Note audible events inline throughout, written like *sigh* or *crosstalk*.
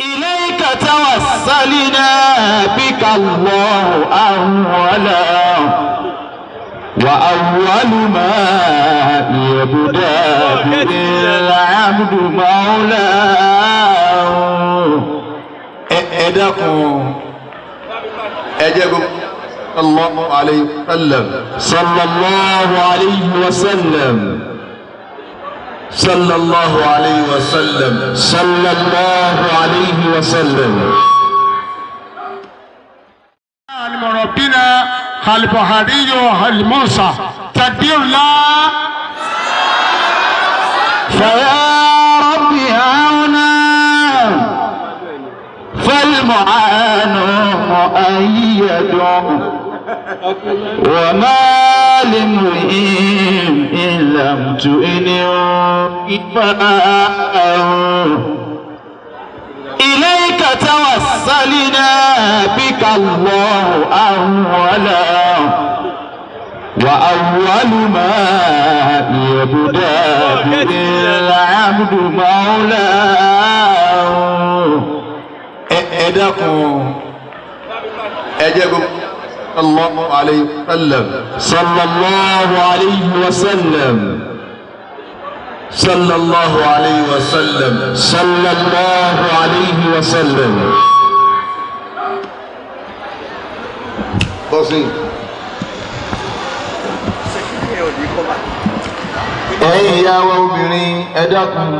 إليك توسلنا بك الله أولا وأول ما يبدأ العبد مولاه إدكم أجبكم الله عليه وسلم صلى الله عليه وسلم صلى الله عليه وسلم صلى الله عليه وسلم ربنا البحري الموسى تكبير لا فيا ربي هاونا فالمعان مؤيد وما لمرئ إن لم تؤن إليك توسلنا بك الله أولا وأول ما يبدأ العبد مولاه ẹ dákun ẹ jẹ́ gbogbo. الله عليه وسلم صلى الله عليه وسلم صلى الله عليه وسلم صلى الله عليه وسلم بسيط ẹ̀yin ìyá wa obìnrin ẹ dákun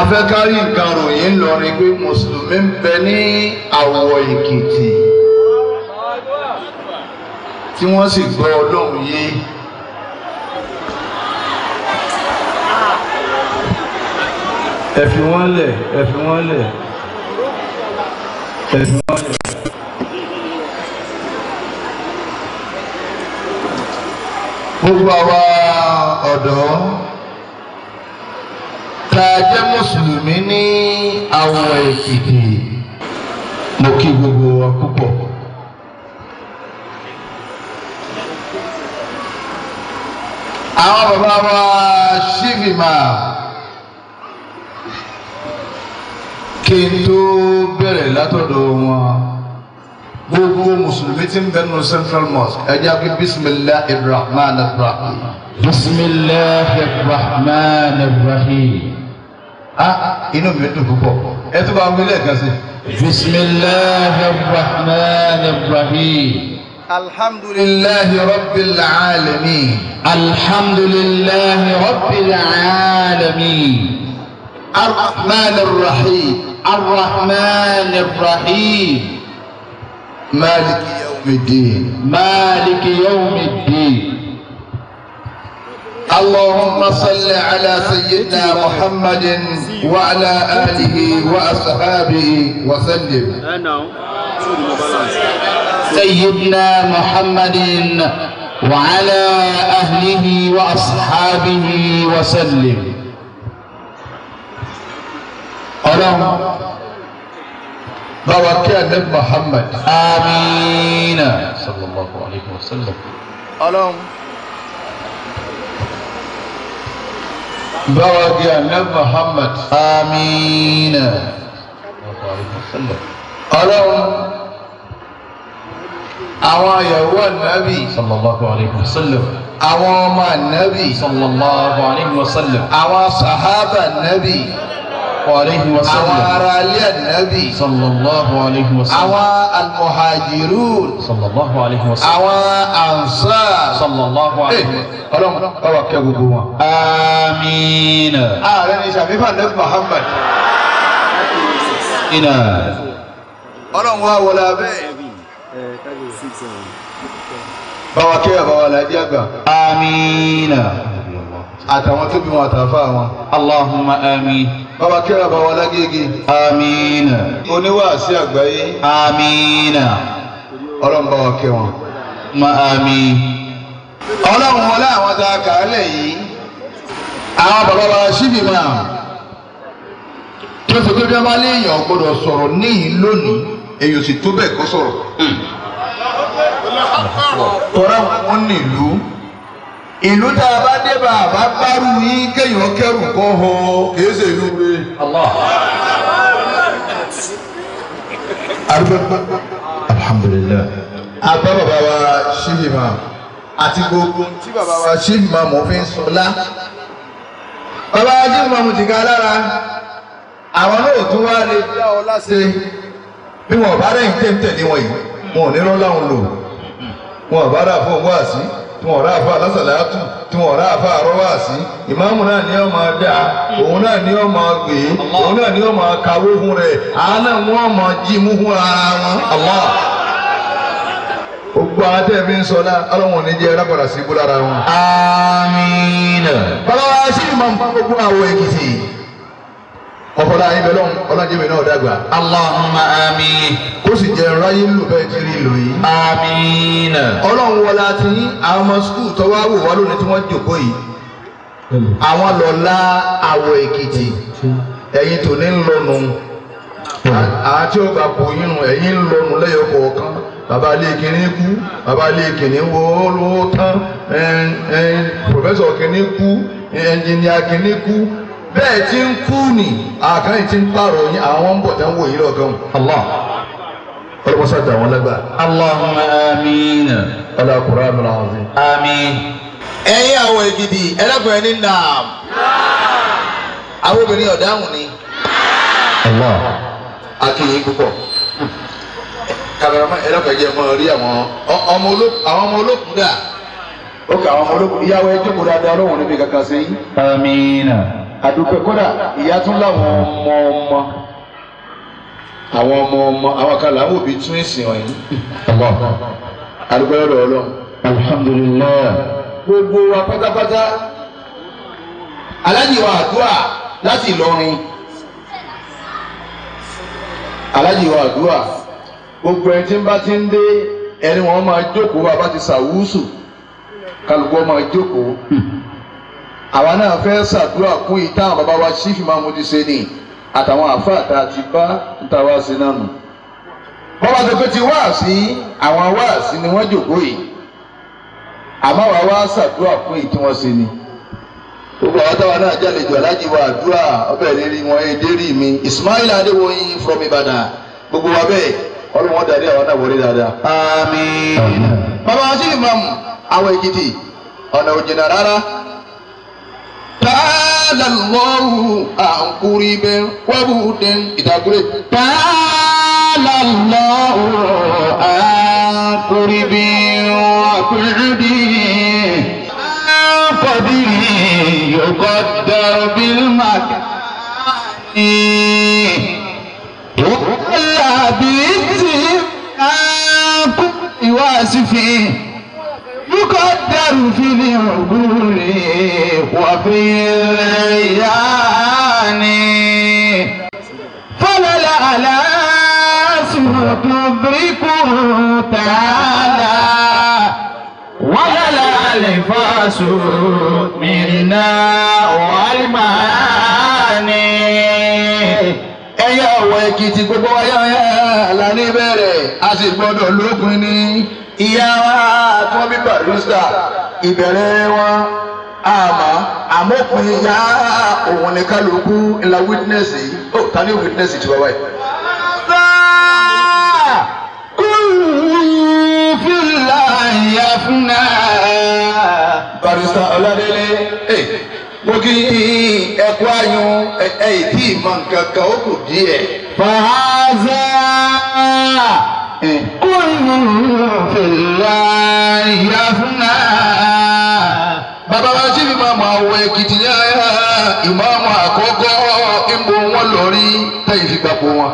afẹ́kárí nǹkan ròyìn ńlọrin pé mùsùlùmí ń bẹ ní àwọ̀ èkìtì tí wọ́n sì gbọ́ ọlọ́run yé. ẹ fi wọ́n lẹ̀ ẹ fi wọ́n lẹ̀ ẹ fi wọ́n lẹ̀. gbogbo àwa ọ̀dọ́ tá jẹ́ mùsùlùmí ní àwọn èkìtì mo kí gbogbo wa púpọ̀. àwọn bàbá wa ṣìfìmà kí n tó bẹ̀rẹ̀ látọ̀dọ̀ wọn gbogbo mùsùlùmí tí ń bẹnu central mosque ẹ jẹ́ kí bisimilahi rahman rahim. bisimilahi rahman rahim. a ah, inú mi dùn púpọ̀ ẹ tún bá wílẹ̀ kan sí. bisimilahi rahman rahim. الحمد لله رب العالمين الحمد لله رب العالمين الرحمن الرحيم الرحمن الرحيم مالك يوم الدين مالك يوم الدين اللهم صل على سيدنا محمد وعلى آله وأصحابه وسلم سيدنا محمد وعلى أهله وأصحابه وسلم أرام بركة محمد آمين صلى الله عليه وسلم أرام بركة محمد آمين صلى الله عليه وسلم أرام àwọn ìyàwó ànábì sallallahu alayhi wa sallam àwọn ọmọ ànábì sallallahu alayhi wa sallam àwọn sàhábà ànábì alayhi wa sallam àwọn ará ilé ànábì sallallahu alayhi wa sallam àwọn almuhajirun sallallahu alayhi wa sallam àwọn ansar sallallahu alayhi wa sallam eh, ọlọ́run ọwọ́ gbogbo wọn. amiina. ààrẹ ni sàfihàn ní muhammad. ina. ọlọ́run wa wọlé abẹ́ yìí báwa kí bàbá wa láàjì àgbà. amiina. àtàwọn tó bí wọn àtàfà wọn. allahumma amin. bàbá kí bàbá wa lágége. amiina. oníwàásí àgbáyé. amiina. ọlọ́run bá wa kẹ́ wọn. ma amin. ọlọ́run wọlé àwọn tá a kà á lẹ̀ yìí. àwọn bàbá wa síbi máa. tó ṣe pé bí wọ́n bá léèyàn gbọ́dọ̀ sọ̀rọ̀ níyì lónìí èyàn sì tó bẹ́ẹ̀ kọ́ sọ̀rọ̀ tọ́ra wọn nílùú ìlú tá a bá dé bá a bá gbárù yín kéèyàn kẹrù kọ́ họ kìí ṣe ìlú re. alhamdulilayi. a bàbá wa ṣíbi àti gbogbo tí bàbá wa ṣíbi mọ̀ fi ń sọlá bàbá wa ṣíbi ma mo jìgá lára àwọn náà tún wá lè dá ọ láṣẹ. bí wọn bá rẹ̀ ń ń tẹ̀lé wọn yìí wọn ò ní rọ́ láwọn lò wọn bá rà fún wáàsí tí wọn rà fún alásàlátù tí wọn rà fún ìmáàmù náà ni ó máa dá òun náà ni máa gbé òun náà ni ó máa kàwé fún rẹ àánà wọn ara wọn. ń sọ náà ọlọ́run jẹ́ sí ibú lára wọn. mọ̀fọ́lá yín bẹ́lọ́n ọlọ́jẹ́bẹ̀ náà dàgbà. Allahumma àmín. kó sì jẹ́ ráyé lò bẹ́ẹ̀ kiri ìlú yìí. àmín. ọlọ́run wọlé àti àwọn ọmọ sukùl tọ́wọ́ wò wá lónìí tí wọ́n jòkó yìí. àwọn lọ́la àwọ̀ èkìtì ẹ̀yin tó ní ń lọ́nu. àti ọgbà kò yín nu ẹ̀yin ń lọ́nu lẹ́yọ̀ kọ̀ọ̀kan baba ilé kìnní kú baba ilé kìnní wo ló tán professor kìnní kú ẹnjìnìà kìnní kú bẹ́ẹ̀ ti ń kú ni àkànní ti ń pààrọ̀ yín àwọn ń bọ̀ tán wò yín lọ́gán. Allah ọlọ́mọṣá dà wọ́n lágbà. Allahumma amiin. ọlá kura mi náà fi. amiin. ẹ̀yin àwọn ègidì ẹlẹ́kùnrin ní nàám. àwọn obìnrin ọ̀dáhùn ni. Allah. a kì í púpọ̀ kabarama ẹlẹ́kùnrin jẹ́ mọ́ rí àwọn ọmọ olókùn dà. ó kà àwọn ọmọ olókùn ìyàwó ẹjọ́ kò dáadáa lóhùn níbi kankan sẹ́yìn. amiina àdúpẹ́ kódà ìyá tún láwọn ọmọ ọmọ àwọn ọmọ ọmọ àwọn kan làwọn òbí tún ìsìn ọ̀yìn ọmọ àdúpẹ́ lọ́dọ̀ ọlọ́run alhamdulilayi gbogbo wa pátápátá alájìwà àdúrà láti Ìlọrin alájìwà àdúrà gbogbo ẹni tí ń bá ti ń dé ẹni wọn máa jókòó bàbá ti sàwúsù kálukú máa jókòó. Hmm àwa náà fẹ́ ṣàdúrà kún ìta àwọn bàbá wa ṣífì mahmud ṣe ni àtàwọn àfáà tá a ti bá níta wá sí náà nù. bọ́lá tó pé ti wá sí àwọn wá sí ni wọ́n jòkó yìí àmọ́ àwa wá ṣàdúrà kún ìtí wọ́n ṣe ni. gbogbo àwọn táwa náà jálejò alájí wa àdúrà ọbẹ̀ lérí wọn èdè rí mi Ismail Adéwòyìn from Ibadan gbogbo wa bẹ́ẹ̀ ọlọ́wọ́n darí àwọn náà wọlé dáadáa. àmín. bàbá wa ṣì ń mọ̀ àwọn èkìtì ọ̀nà òjìnà rárá. تعالى الله عن قريب وبعد إذا قريب تعالى الله عن قريب وبعد قدره يقدر بالمكان ولا بيتي عن كل واسفين تقدر في العقول وفي الأيام فللألاس تدرك تعالى ولا وللألفاس منا والمعاني ẹyẹ ọwọ Èkìtì gbogbo ayẹyẹ la ní bẹ̀rẹ̀ a sì gbọ́dọ̀ lókun ní ìyá wa tí wọ́n bí barista ìbẹ̀rẹ̀ wọn àmọ́ àmọ́kùn ìyá òun ni kálukú ńlá witness yìí ó oh, ta ni witness ti wá wáyé. barista ọládélé mo kí ẹkú ayún ẹ ìdí ìmọ̀ nǹkan kan ó kù díẹ̀. fàáza. bàbá wa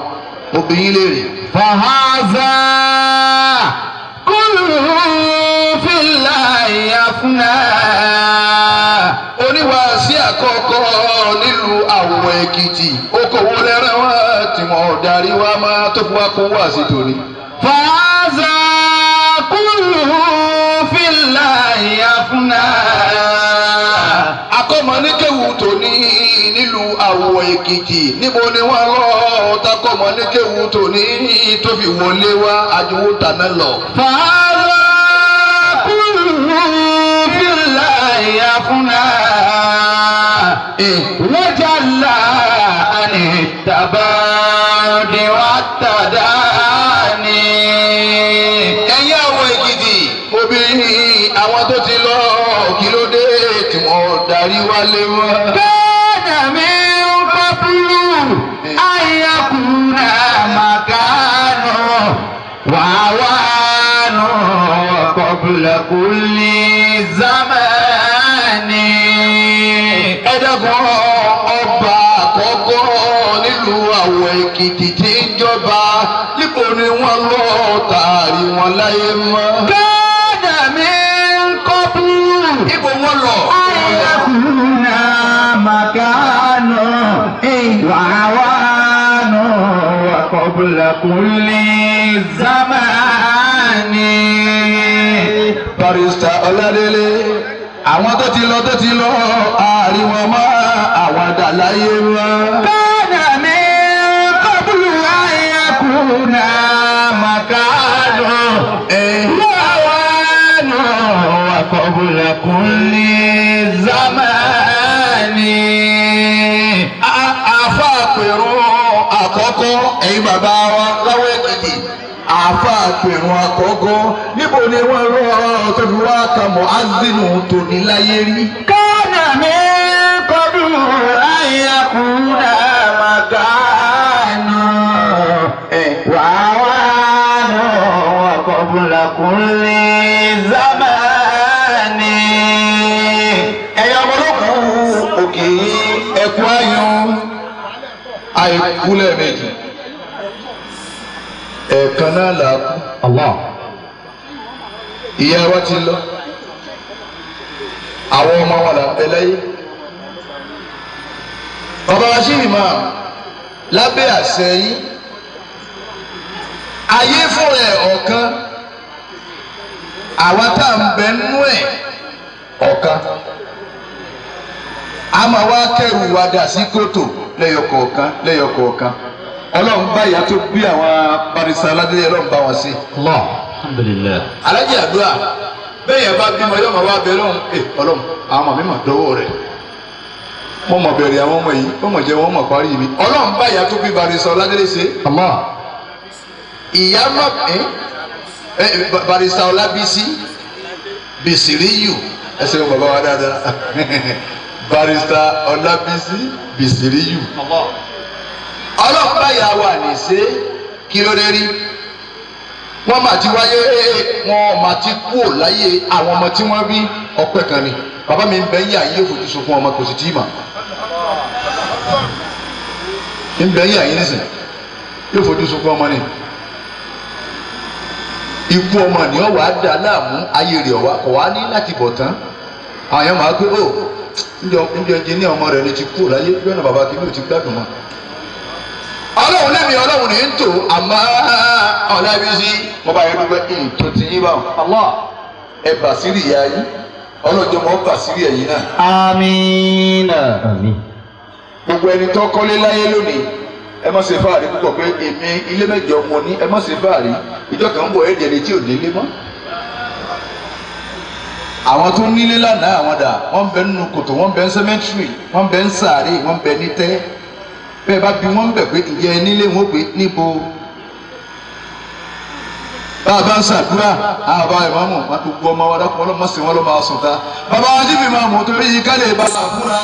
obìnrin lè rè. fàhásà kúlù fìlà ìyàfúnà. oníwàásí àkọ́kọ́ nílùú àwọn èkìtì okòwò lẹ́rẹ̀ wọn tí mo wa máa tó fún wa kó wá sí torí. èkìtì níbo ni wọn lọ takọmọ ní kéwu tòní tó fi wọlé wá àdúgbò tàná lọ. fàálà kúrú fìlà ìyá fúnà ìwọ́jà là ní tàbá ni wàá tàdá. àríwálé mọ́. bẹ́ẹ̀. قبل كل زمان barista ọládélé àwọn tó ti lọ tó ti lọ àárín wọn mọ àwọn àdàláyé wọn. kọ́nà mi kọ́bùlù ayakuna màkàdùn. ìyá eh. wa náà wà kọ́bùlù kúnlẹ̀. bàbá wa láwọn èkìtì àáfàá pẹ̀rùn àkọ́kọ́ níbo ni wọ́n rọ ọ̀rọ̀ tó fi wá kan mọ́ ádínú tòní láyé rí. kọ́nà mi kọ́dù ayakuna maganu wàhánù ọ̀kọ̀bùlàkùnrin. àìkú lẹ́ẹ̀mejì ẹ̀ẹ̀kan náà là á kú. Allah. ìyá wa ti lọ àwọn ọmọ wa là ń bẹ láyé. bàbá wa sí ìmọ̀ lábẹ́ àṣẹ yìí ayé fún ẹ̀ ọ̀kan àwa tá à ń bẹ nú ẹ̀ ọ̀kan a máa wá kẹrù wa dà sí kòtò lẹ́yọkọ̀ọ̀kan lẹ́yọkọ̀ọ̀kan ọlọ́run báyà tó bí àwọn barisa aládélé ọlọ́run bá wọn sí. alájẹ àdúrà bẹ́ẹ̀ yẹn bá bímọ yọmọ wá bẹ lọ́hùn ẹ ọlọ́run àwọn màmí mà dọ́wọ́ rẹ̀ wọ́n mọ̀ bẹ̀rẹ̀ àwọn ọmọ yìí wọ́n mọ̀ jẹ́ wọ́n mọ̀ parí mi ọlọ́run báyà tó bí barisa aládélé ṣe. ìyá má barisa ọlábísí bisiriyu ẹsẹ̀ bàbá wa dáadáa *laughs* barista ọlábísí bisiriyu. Allah. ọlọ́pàá yà wà ní ṣe kí ló dé rí wọ́n ma ti wáyé eh, eh, wọ́n mà ti kú láyé àwọn ọmọ tí wọ́n rí ọpẹ́ kan ni bàbá mi ń bẹ́ yín ọmọ kò sì tí ì mà ń bẹ́ yín nísìn ọ wàá dà láàmú ayé kò wá ní láti bọ̀ tán máa gbé ó oh, ọmọ ni ti kú ò láyé lọ́nà bàbá ti gbádùn ọlọ́run lẹ́mìí ọlọ́run ní tò àmọ́ ọ̀làbíyí mo bá yẹ dúpẹ́ ntò tí yín bá wọn ẹ bà sírí ìyá yín ọlọ́jọ́ mọ́ bà sírí ẹ̀yìn náà. amiina. gbogbo ẹni tó kọ́lé láyé lónìí ẹ má ṣe fáàrí púpọ̀ pé èmi ilé mẹ́jọ mo ní ẹ má ṣe fáàrí ìjọ kan bọ̀ ẹ̀jẹ̀ ni tí ò délé mọ́. àwọn tó nílé lánàá àwọn dà wọ́n bẹ nínú kòtò wọ́n bẹ ń sẹ́mẹ́tírì wọ́n bẹ ń sàárè wọ́n bẹ ní tẹ́ bẹ́ẹ̀ bá bí wọ́n ń bẹ̀ pé ǹjẹ́ nílé wọn pé níbo bá ń ṣàdúrà àbá ìmáàmù wọn tó gbọ́ ọmọ wa dákun ọlọ́mọ wọn ló máa sùn ta bàbá wa níbi ìmáàmù torí yìí lè bá ṣàdúrà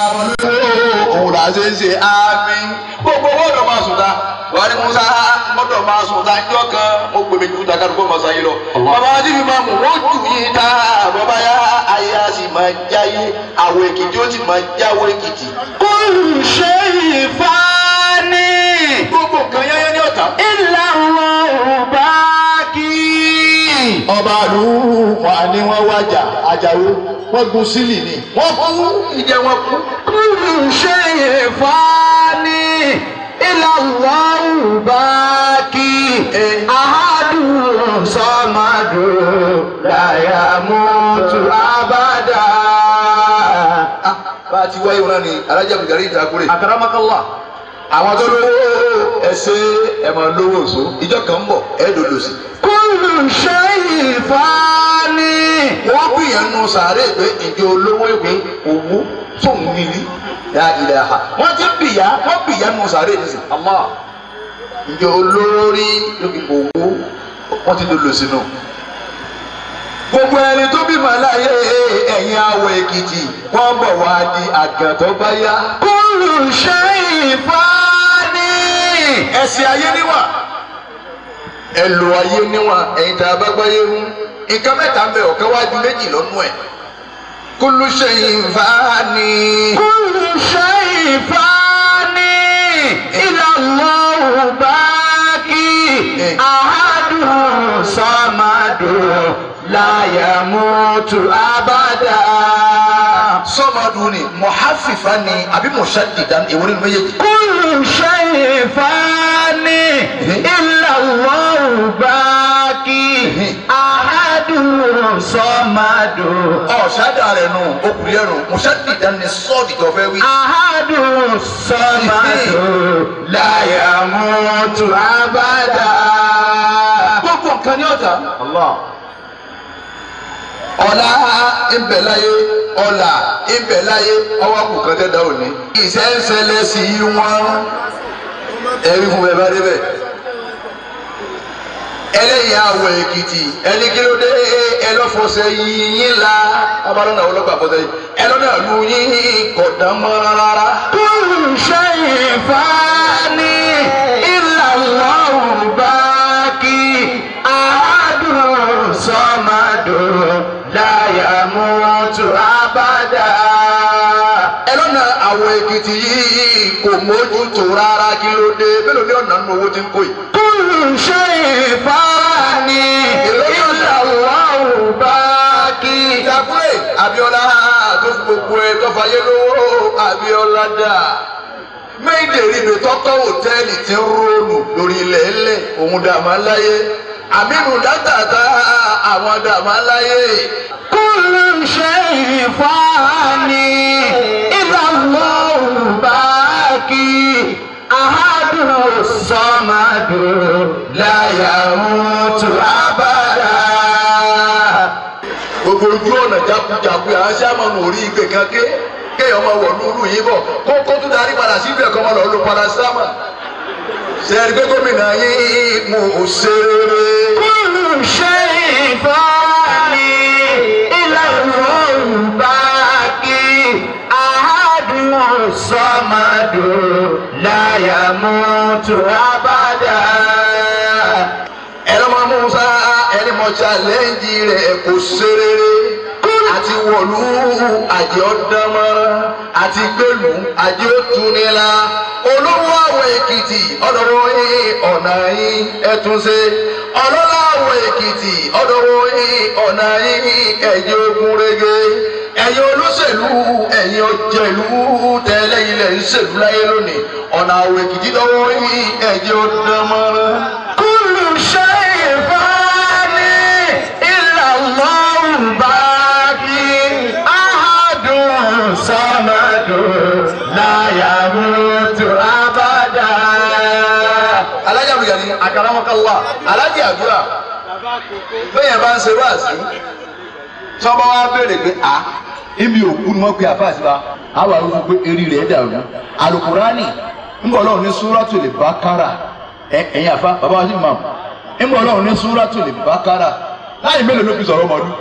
òun là ń ṣe ń ṣe àmín gbogbo wọn lọ máa sùn ta wà musa mọ́tò máa sùn ta ẹjọ́ kan mo gbèmí ju ta kálukọ́ máa sáyé lọ bàbá wa níbi ìmáàmù wọn jù yìí ta bàbá yá ayé a sì máa jáyé àwọn èkìtì ó sì máa jáwé èkìtì. kó ṣe ìfà gbogbo nǹkan yẹ́yẹ́ ní ọ̀tá. ìlà wọn ò bá kí. ọba àlùkò àní wọn wájà àjàwó wọn gun sílì ni. wọn kú ìjẹ wọn kú. kúrú ṣe é fani ìlà wọn bá kí. ahadùn sọmadù láyà mọ́tò abada. Ah, bá a ti wáyé wọn ni alájà bùkárì ìtàkùrẹ́. àkàràmọ́kànlá àwọn tó lówó ẹsẹ ẹ máa lówó oṣù ìjọ kan ń bọ̀ ẹ dòdò sí. kúlù ṣe ìfani. wọ́n gbìyànjú sàárè pé ìjọ olówó ìwé owó tóun nílí dáadìrẹ ha wọ́n ti bìyà wọ́n bìyà nù sàárè nísìn. àmọ́ ìjọ olórí lókè owó wọ́n ti dòdò sínú gbogbo ẹni tó bímọ láyé ẹ̀yin awọ èkìtì wọ́n bọ̀ wá di àgàn tó bá yá. kúlù ṣe ìfani. ẹ̀sìn ayé níwà ẹlò ayé níwà ẹ̀yin tá a bá gbáyé mú nǹkan mẹ́ta ń ọ̀kan wá di méjì lọ́nú ẹ̀. kúlù ṣe ìfani. kúlù ṣe ìfani. ìlànà òbá kí ahadu samadu láyà mútu abada. sọ́mọdún ni mọ̀háfìfà ni àbí mọ̀ṣádìdá èwo nínú méjèèjì. kúlù ṣèfà ni illa Allahu baki ahadun sọ́mọdù. ọ̀ṣádà rẹ̀ nù okùnrin ẹ̀rù mọ̀ṣádìdá ni sọ́ọ̀dì tó fẹ́ wí. ahadun sọ́mọdù láyà mútu abada. gbogbo nǹkan ní ọ̀tá. Allah ọ̀la ibẹ̀ láyé ọ̀la ibẹ̀ láyé ọwọ́ kù kan tẹ́tà òní. ìṣe ń ṣẹlẹ̀ sí i wọ́n ẹ̀rí fún bẹ́ẹ̀ bá débẹ̀. ẹlẹ́yìn àwọ̀ èkìtì ẹni ẹlọ́fọ̀ọ́sẹ̀ yín la abalọ́nà ọlọ́gbà fọ́sẹ̀ yín ẹlọ́nà lu yín kọ̀dá rárá. kúrú ṣe ìfáàní. àmútu abada. ẹ lọ́nà àwọn èkìtì yìí kò mójútó rárá kí ló dé mélòó ní ọ̀nà nínú owó tí ń kó yìí. kúrú ṣe ìfara ni ìlà wàhùn bá kí. ìjàpùrẹ̀ Abíọ́lá tó fi gbogbo ẹ tọ́fà yé lówó Abíọ́lá dà méjèèrè mi tọ́kọ́ hòtẹ́ẹ̀lì tí ń rónù lórí ilẹ̀ ẹlẹ̀ òun dàmà láyé àmínú dákàtà àwọn dàmà láyé. kúlù ṣe ìfọ́ni ìlànà òbáàkì àádùn sọ́mádùn láyà mútu abàdà. gbogbo ojú ọ̀nà jákujàku yà á ṣe àmọ́ nù orí ìgbè kan ké kéèyàn máa wọ̀ lóru yìí bọ̀ kó kó tún darí padà sí ibi ẹ̀kọ́ máa lọ lo paracetamol sẹ́ẹ̀rì pé gómìnà yín mo ò ṣe rere. mo ń ṣe ìfọ́ni ilé Yorùbá kí àádùn sọ́mọdò láyà mú tó abádá. ẹ̀rọ máa mú ẹni mọ̀ ṣàlẹ́ǹjì rẹ̀ kò ṣe rere àti wọ̀lú àjẹ́ ọ̀dánmọ́ra àti gbẹ̀lú àjẹ́ òtúnilá olówó àwọ̀ èkìtì ọ̀dọ̀wọ́ yín ọ̀nà yín ẹ̀túnṣe ọlọ́lá àwọ̀ èkìtì ọ̀dọ̀wọ́ yín ọ̀nà yín ẹ̀yìn ogun rege ẹ̀yin olóṣèlú ẹ̀yin ọ̀jẹ̀lú tẹ́lẹ̀ ilẹ̀ ń ṣèlú láyé lónìí ọ̀nà àwọ̀ èkìtì lọ́wọ́ yín ẹ̀jẹ̀ ọ̀dánmọ́ra. ala alájì ala bẹ́ẹ̀ bá ń ṣe wáàsí wa pé a ibi òkú ni wọ́n pe àfáà wa àwọn eré rẹ̀ dàrú alukurani ní ẹ̀yìn àfa bàbá ní mélòó ló fi sọ̀rọ̀ ọmọdún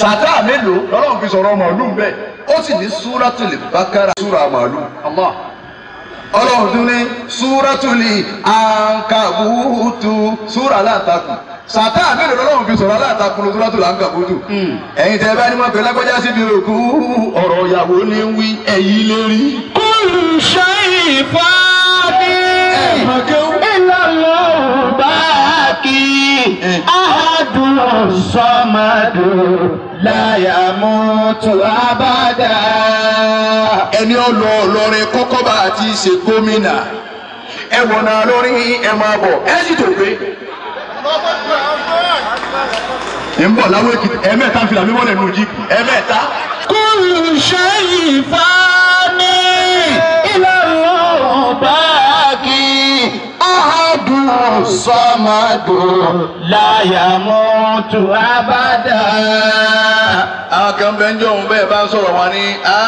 sàtà mélòó fi sọ̀rọ̀ ọmọdún bẹ́ẹ̀ ó sì ní ọlọ́run tún ní súrátùlì àǹkàbùtù súrà aláǹtakù sàtà mélòó lọ́lọ́run fi sọ̀rọ̀ aláǹtakù ní súrátùlì àǹkàbùtù. ẹ̀yin tẹ́ ẹ bá ní wọn pè lágbájá síbi òkú ọ̀rọ̀ ìyàwó ní wí ẹ̀yìn lè rí. kúlù ṣe ìfọ́dí ìlànà bá kí sọ́mádù láyàmútu abádà. ẹni ọlọ ọlọrin kọ́kọ́ bá a ti ṣe gómìnà ẹ wọnà lórí ẹ máa bọ̀ ẹ sì èkìtì ẹ ń fi làmí wọlé nù jíìpù ẹ mẹ́ta. ṣe ìfá ní ìlọrin ọba. صمد صمد لا يموت أبدا àwọn ń jọ òun bẹ́ẹ̀ bá sọ̀rọ̀ wọn ni á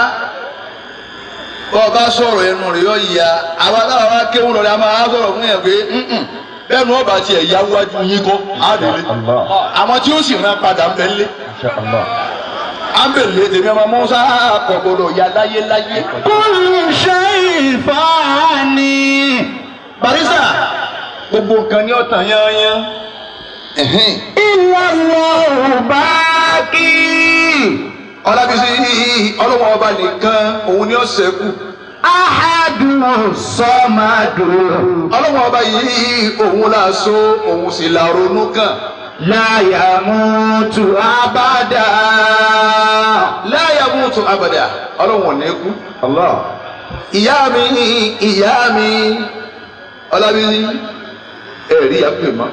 bọ́ ọ bá sọ̀rọ̀ ẹnu rẹ̀ yọ ìyá àwa táwọn bá kéwù lọ́dẹ a máa sọ̀rọ̀ fún yẹn pé bẹ́ẹ̀ wọ́n bá tiẹ̀ yá wájú yín kọ́ á lè tí ó sì rán padà ń bẹ lé ambele tèmi ọmọ musa kọgbọdọ ya láyé láyé. kúrú ṣe ìfọ́ ni. barisa. gbogbo nǹkan ní ọ̀tàn yányán. ìlànà ọba kí. ọlábísí ọlọ́wọ́n ọba nìkan òun ni ó ṣẹ́kù. ahadùn sọ́mádùn. ọlọ́wọ́n ọba yìí òun là so òun sì là ronú kàn. láyà abada. láyà abada ọlọ́wọ́n ò ìyá mi ìyá mi ọlábísí. ẹ̀rí ìyá pè mọ́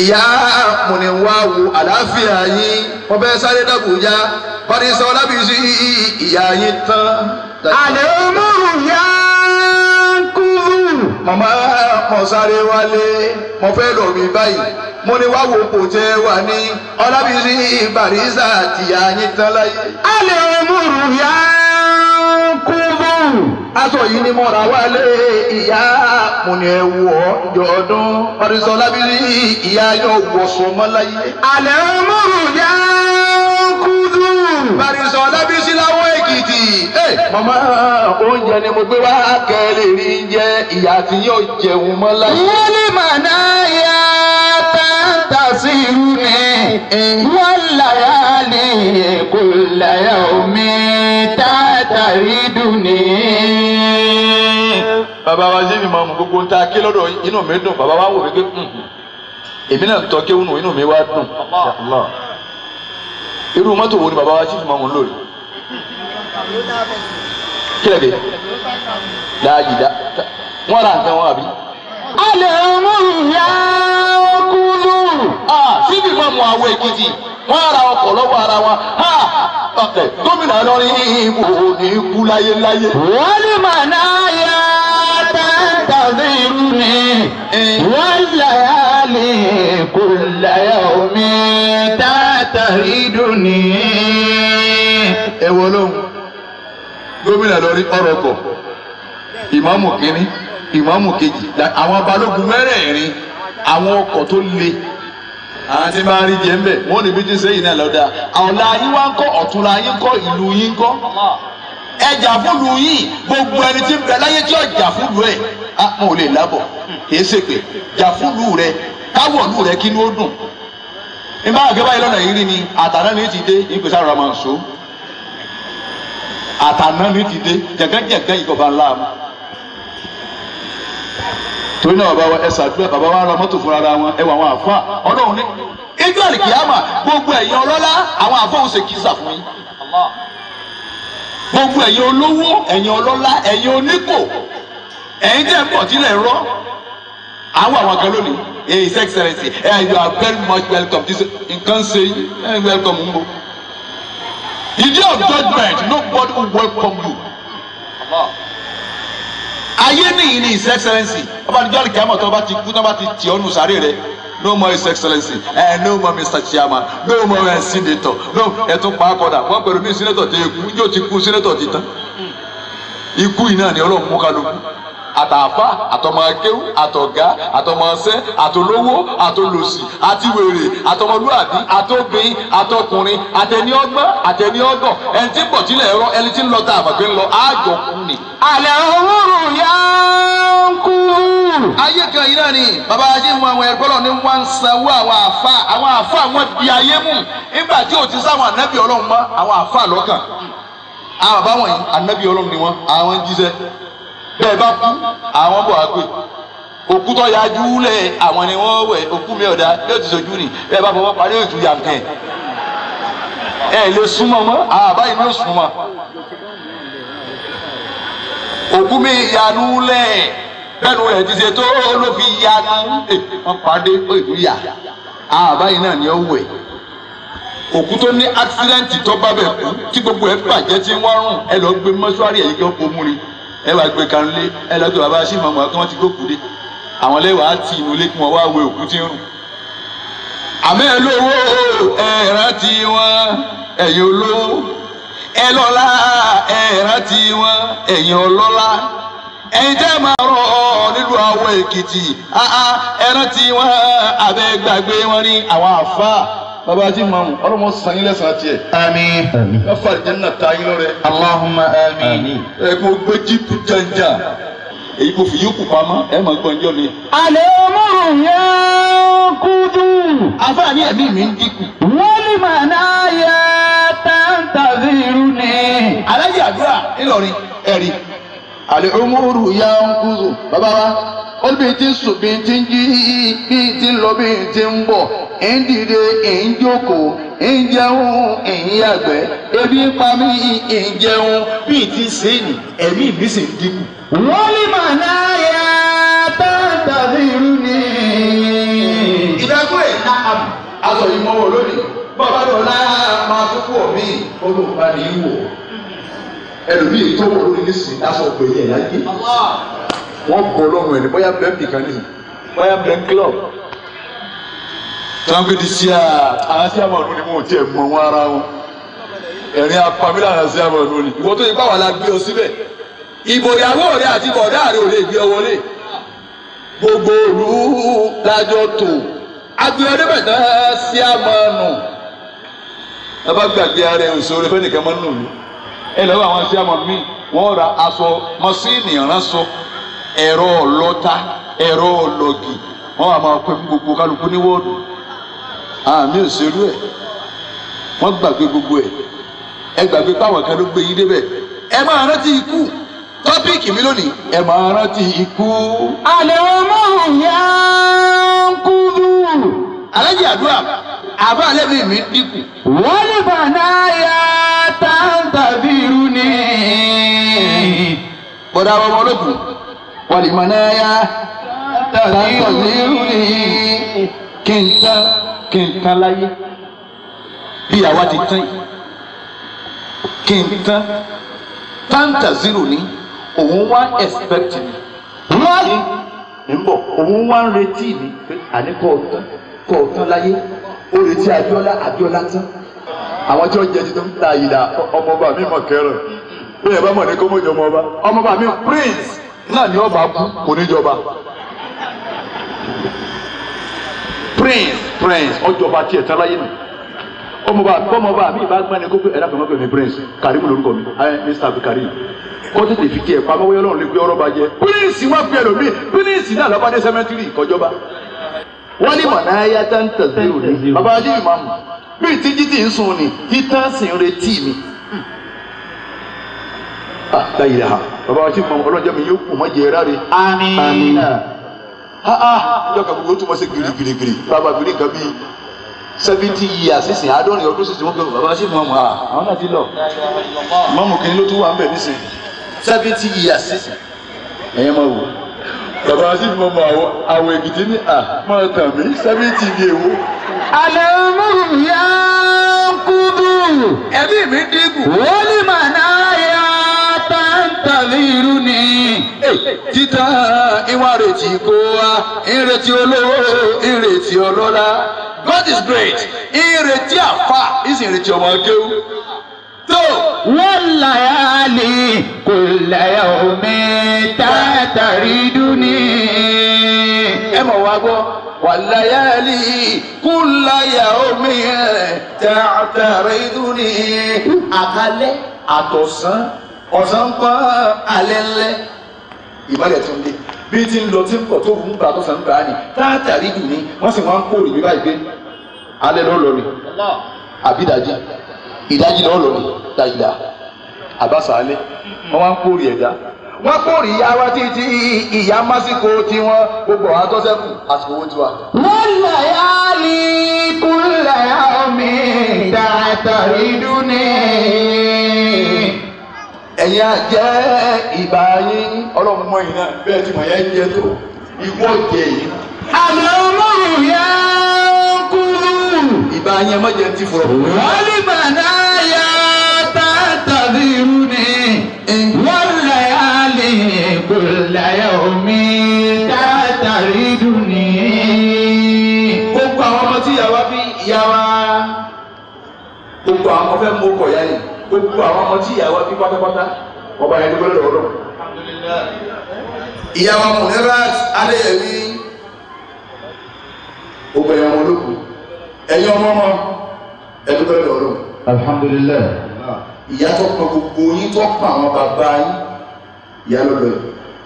ìyá mùnìwá wo àlàáfíà yín wọ́n fẹ́ sáré dàbòjá parisọ lábìsí ìyá yín tán. àlè yá kúrú. màmá mo sáré wálé mo fẹ́ lọ mi báyìí mo ní wá wo kò tẹ wà ní ọlábìsí barisa tìyá yín tán láyé. àlè òmùrù yá kúrú aṣọ yìí ni mo rà wálé ìyá mo ní ẹ wọ ọjọ́ ọdún ọdúnṣọ lábírí ìyá yóò wọ sọmọ láyé. àlẹ́ mọ̀rù yá kúdú. bàrìsọ̀ lábísí láwọ̀ èkìtì. màmá oúnjẹ ni mo gbé wá kẹ́lẹ́ rí jẹ ìyá tí yóò jẹun mọ́ láyé. wọ́n lè mà náà yá táǹtà sí irú mi. Eh, eh. wọ́n làyà ní kò làyà omi táà àrídùn bàbá wa ṣé mi máa mú gbogbo ń ta lọ́dọ̀ inú mi dùn bàbá wa wò wípé èmi náà tọ́ kí inú mi wá dùn. irú mọ́tò wo ni bàbá wa ṣì fi máa mú lórí. kílẹ̀ dé láàyè dá wọ́n ra nǹkan wọn àbí. alẹ́ òun yá ó mọ́tò síbi mọ́ mu àwọn èkìtì wọ́n ara ọkọ̀ lọ́wọ́ ara wọn ọ̀tẹ̀ gómìnà lọ́rin ìbò ní ikú láyé láyé. wọ́n lè mà náà yá tàbí irú ni wọ́n yàrá lè kó láyà omi tàtàrí dùn ní. ẹ wo lóhùn gómìnà lọ́rin ọ̀rọ̀ kọ̀ ìmáàmù kínní ìmáàmù kejì àwọn balógun mẹ́rẹ̀ẹ̀rin àwọn ọkọ̀ tó le àwọn tí máa rí jẹ ń bẹ wọn ní bíjú sẹ́yìn náà lọdà àwọn láyé wá ń kọ ọ̀tún láyé ń kọ ìlú yín ń kọ ẹjà fúlù yìí gbogbo ẹni tí ń bẹ láyé tí ọjà fúlù ẹ àwọn ò lè lábọ kìí ṣe pé jà fúlù rẹ káwọlù rẹ kí ni ó dùn nígbà àgbẹ̀ báyìí lọ́nà yìí rí ni àtàná ni ti dé ìpèsè àrùn àmọ̀ nsọ àtàná ni ti dé jẹ̀gẹ́jẹ̀gẹ́ ìkọ̀bá ńlá mu torí náà bàbá wa ẹ ṣàdúrà bàbá wa ra mọ́tò fúnra ra wọn ẹ wà wọn àfa ọlọ́run ní ijó àlìkìyàmà gbogbo ẹ̀yin ọlọ́lá àwọn àfọwọ́sẹ̀ kì í sà yín gbogbo ẹ̀yin olówó ẹ̀yin ọlọ́lá ẹ̀yin oníkò ẹ̀yin tẹ̀ ń bọ̀ tilẹ̀ rọ́ àwọn àwọn kan lónìí his excellence hey you are very much welcome this nkan ṣe yín hey welcome mbo the day of judgement nobody will welcome you ayé nìyí ni his excellence ọba níjọ́ àlìkìyàmà tó bá ti kú tó bá ti tì ọ́ nù sáré rẹ̀ no more his excellence eh, ẹ no more mr chairman no more ẹ eh, senator no ẹ tún pa á kọ́dà wọ́n pẹ̀lú mi senator tẹ ikú yóò ti kú senator ti tán ikú yìí náà ni ọlọ́run mú kálukú àtàfà àtọmọkéwù àtọgá àtọmọsẹ àtolówó àtolòsì àti wèrè àtọmọlúàbí àtọbìn àtọkùnrin àtẹniọgbọn àtẹniọgọ ẹni tí ń bọ̀ tilẹ̀ ẹ̀rọ ẹni tí ń lọ tá àfàgbé ń lọ àjọkùn ni. àlẹ́ òwúrò yá kúrú. ayé kan yìí náà ni bàbá ayé mu àwọn ẹgbọ́rọ̀ ni wọ́n ń sanwó àwọn àfa àwọn àfa wọn di ayé mú nígbà tí ò ti sáwọn ànábì ọlọ́run mọ́ àwọn àfa lọ́kàn àwọn bàbá wọn yìí ànábì ọlọ́run ni wọ́n àwọn ń jíṣẹ́ bẹ́ẹ̀ bá kú àwọn bọ̀ àgbè òkú tó yájú lẹ̀ àwọn ni wọ́n wẹ̀ òkú mi ọ̀dà yóò ti sojú ni bẹ́ẹ̀ bá fọwọ́ parí òtún yà kẹ́ ẹ̀ òkú mi yanu lẹ̀ bẹ́ẹ̀ni ẹ̀ ti ṣe tó ló fi ya ní wọ́n pàdé ó ìlú yà àbáyé náà ni ó wù ẹ̀ òkú tó ní accident tó bá bẹ̀ kú tí gbogbo ẹ̀ bàjẹ́ tí wọ́n rùn ẹ lọ gbé mọ́ṣúárì ẹ̀yìn kí wọ́n kó múrin ẹ wàá gbé kan lé ẹ lọ tó bàbá sí màmú àkọ́ wọn ti gbókù dé àwọn lẹ́wàá ti inú ilé kí wọ́n wá wẹ òkú tí ń rùn. àmọ́ ẹ lówó ẹ rántí wọn ẹ̀yin olówó ẹ lọ́lá ẹ rántí wọn ẹ̀yin ọlọ́lá. ẹ̀yin tẹ́ máa rọ̀ ọ́ nílùú àwọn èkìtì ẹran tí wọ́n abẹ́ gbàgbé wọn ní àwọn àfa bàbá ají mamu ọlọmọ sàn yín lẹsàn tiẹ. Ami! ká fàlìjẹ náà ta yín lọrẹ. Allahumma àmín. ẹ kò gbé jíìpù èyí kò fi pamọ́ ẹ máa gbọ́n jọ àlẹ́ kú ẹ̀mí mi ń dínkù. wọ́n lè mà náà yẹ táǹtà sí irú ni. àdúrà àlẹ́hùmúrù yá ń kúzù bàbá wa ó ní bíi ti ń sùn bíi ti ń jí bíi ti ń lọ bíi ti ń bọ̀ ń dìde ń jókòó ebi ń pa mí ń jẹun bíi ti ń sè ní ẹ̀mí mi sì ń dínkù. wọ́n lè mà náà yá tàǹtà bí irú ni. ìdákùrẹ̀ náà aṣọ ìmọ̀wọ̀ lónìí bàbá dọ̀la máa tún kú òmíì olùpàdé ìwò ẹlòmíì tó wọ lórí nísìnyí dáṣọ ọgbẹ yẹn láyé wọn bọ lọrùn ẹni bóyá bẹ́ẹ̀ bì kan nìyí bóyá bẹ́ẹ̀ club tọ́ńgbé di sí à àwọn sí àwọn ọdún ni wọn ò tiẹ̀ mọ wọn ara wọn ẹ̀rín apamílà àwọn sí àwọn ọdún ni ìwọ tó yẹ báwa la gbé ọ síbẹ̀ ìbò ìyàwó rẹ àti bọ̀dá rẹ ò lè gbé ọ wọlé gbogbo òru lájọ tó agbèrè bẹ̀tẹ̀ sí àmọ́ nù ẹ bá gbàgbé ara ẹ̀ òṣèré fẹ́nìkan mọ́ nù mí ẹ lọ́wọ́ àwọn sí àmọ́ mi wọ́n ra aṣọ mọ́sínì ránṣọ ẹ̀rọ ọlọ́ta ẹ̀rọ ọlọ́gì wọ́n wà máa pẹ́ gbogbo kálukú ní wọ́ọ̀dù àmì òṣèlú ẹ̀ wọ́n gbàgbé gbogbo ẹ̀ ẹ gbàgbé páwọn kan ló gbé yín débẹ̀ ẹ máa rántí ikú tọ́píìkì mi lónìí ẹ máa rántí ikú. àlẹ́ ọmọ ìyá ń kú bú. alájẹ àdúrà àbá alẹ́ mi mi dínkù. wọ́n lè bà náà yá tá ń tàbí bọ̀dá ọmọ olókùn wàlìmọ̀ náà yá tàǹtọ̀ lérúni kí n tán kí n tán láyé bí àwa ti tán kí tàǹtà zero ní òun wá expect mi ń bọ̀ òun wá ń retí mi àní kọ́ ọ̀tán kọ́ ọ̀tán láyé ó retí Abíọ́lá Abíọ́lá tán àwọn tí wọ́n jẹ́ títún tá a ọmọ ọba mi mọ̀ kẹrọ bí ẹ bá mọ̀ ní kó mọ̀jọ ọmọ ọba ọmọ ọba mi prince náà ni ọba kú kò ní jọba prince prince ọjọba tiẹ̀ tán láyé nù ọmọ ọba kọ́ ọmọ ọba mi ìbá gbani kó ẹ̀dá fún ọmọ pẹ̀lú prince Karim lórúkọ mi ayé mr abdulkarim kó tètè fi tiẹ̀ pa amọ́wé ọlọ́run lè gbé ọrọ̀ bá jẹ prince wá pé ẹlòmí prince náà lọ́ba dé cemetery kọjọba wọ́n ní mọ̀nà ayá tá ń tẹ̀síwò ní bàbá adébímọ̀ bíi tíjí tí ń sun ni títà sì ń retí mi láyé ha bàbá wa ti mọ ọlọ́jọ́ mi yóò kù mọ́ jẹ ráre. amiina. ha ha ìjọ kan gbogbo tó mọ̀ sí girigirigiri bàbá mi ní nǹkan bíi seventy years sísìn àádọ́rin ọdún sísìn wọn kò bàbá sí mọ̀ mọ́ a àwọn náà ti lọ mọ́mù kìíní ló tún wà ń bẹ̀ nísìn seventy years sísìn ẹ̀yẹ́ máa wò bàbá sí mọ̀ mọ́ àwọ̀ àwọ̀ èkìtì ní à ah, máa tàn mí seventy ní èwo. àlẹ́ mú yá kúndùn. títa ìwà retí kó wa ìrètí olówó ìrètí ọlọ́lá God is great ìrètí àfà ìsìnrètí ọmọ géwú tó. wọ́n láyà lè kò láyà omi tààtàrí dúní. ẹ mọ̀ wá gbọ́ wàlàyàlì kúláyà omi tààtàrí dúní. àkálẹ́ àtọ̀sán ọ̀sán pa alẹ́ lẹ́ ìmọ̀lẹ̀ tó ń dé bí ti ń lọ tí ń pọ̀ tó ń gbà sàn gbà ní táàtàrí jù ní wọ́n sì wọ́n ń kórè bí báyìí pé alẹ́ ló lọ rè àbí ìdájí ìdájí ló lọ rè dàjìdá àbáṣà alẹ́ wọ́n wá ń kórè ẹ̀dá wọ́n kórè ìyá wa títí ìyá másìkò tiwọn gbogbo àwọn atọ́sẹ́kù àsìkò owó tiwa. lọ́lá yá lè kúlẹ̀ omi dàtàrí dúnìí ẹ̀yin àjẹ́ ìgbà yín ọlọ́run mọ ìyìn náà bẹ́ẹ̀ tí mo yẹ ń jẹ tó igbó jẹ yìí. àmì ọlọ́run yẹ kú. ìgbà yẹn mọ̀jẹ̀ ti fọ̀. wọ́n ní bàdá yà tàbí irú gbogbo àwọn ọmọ tí ìyàwó bí pátápátá ọba yẹn dúpẹ́ lọ́dọ̀ ọlọ́run. ìyàwó Munirat Adéyẹmí ọgbà ẹ̀yàn ọmọ olókùn ẹ̀yàn ọmọ ọmọ ẹ̀dúpẹ́ lọ́dọ̀ ọlọ́run. alhamdulilayi. ìyá tó pọn gbogbo yín tó pọn àwọn bàbá yín ìyá lọ́dọ̀ yìí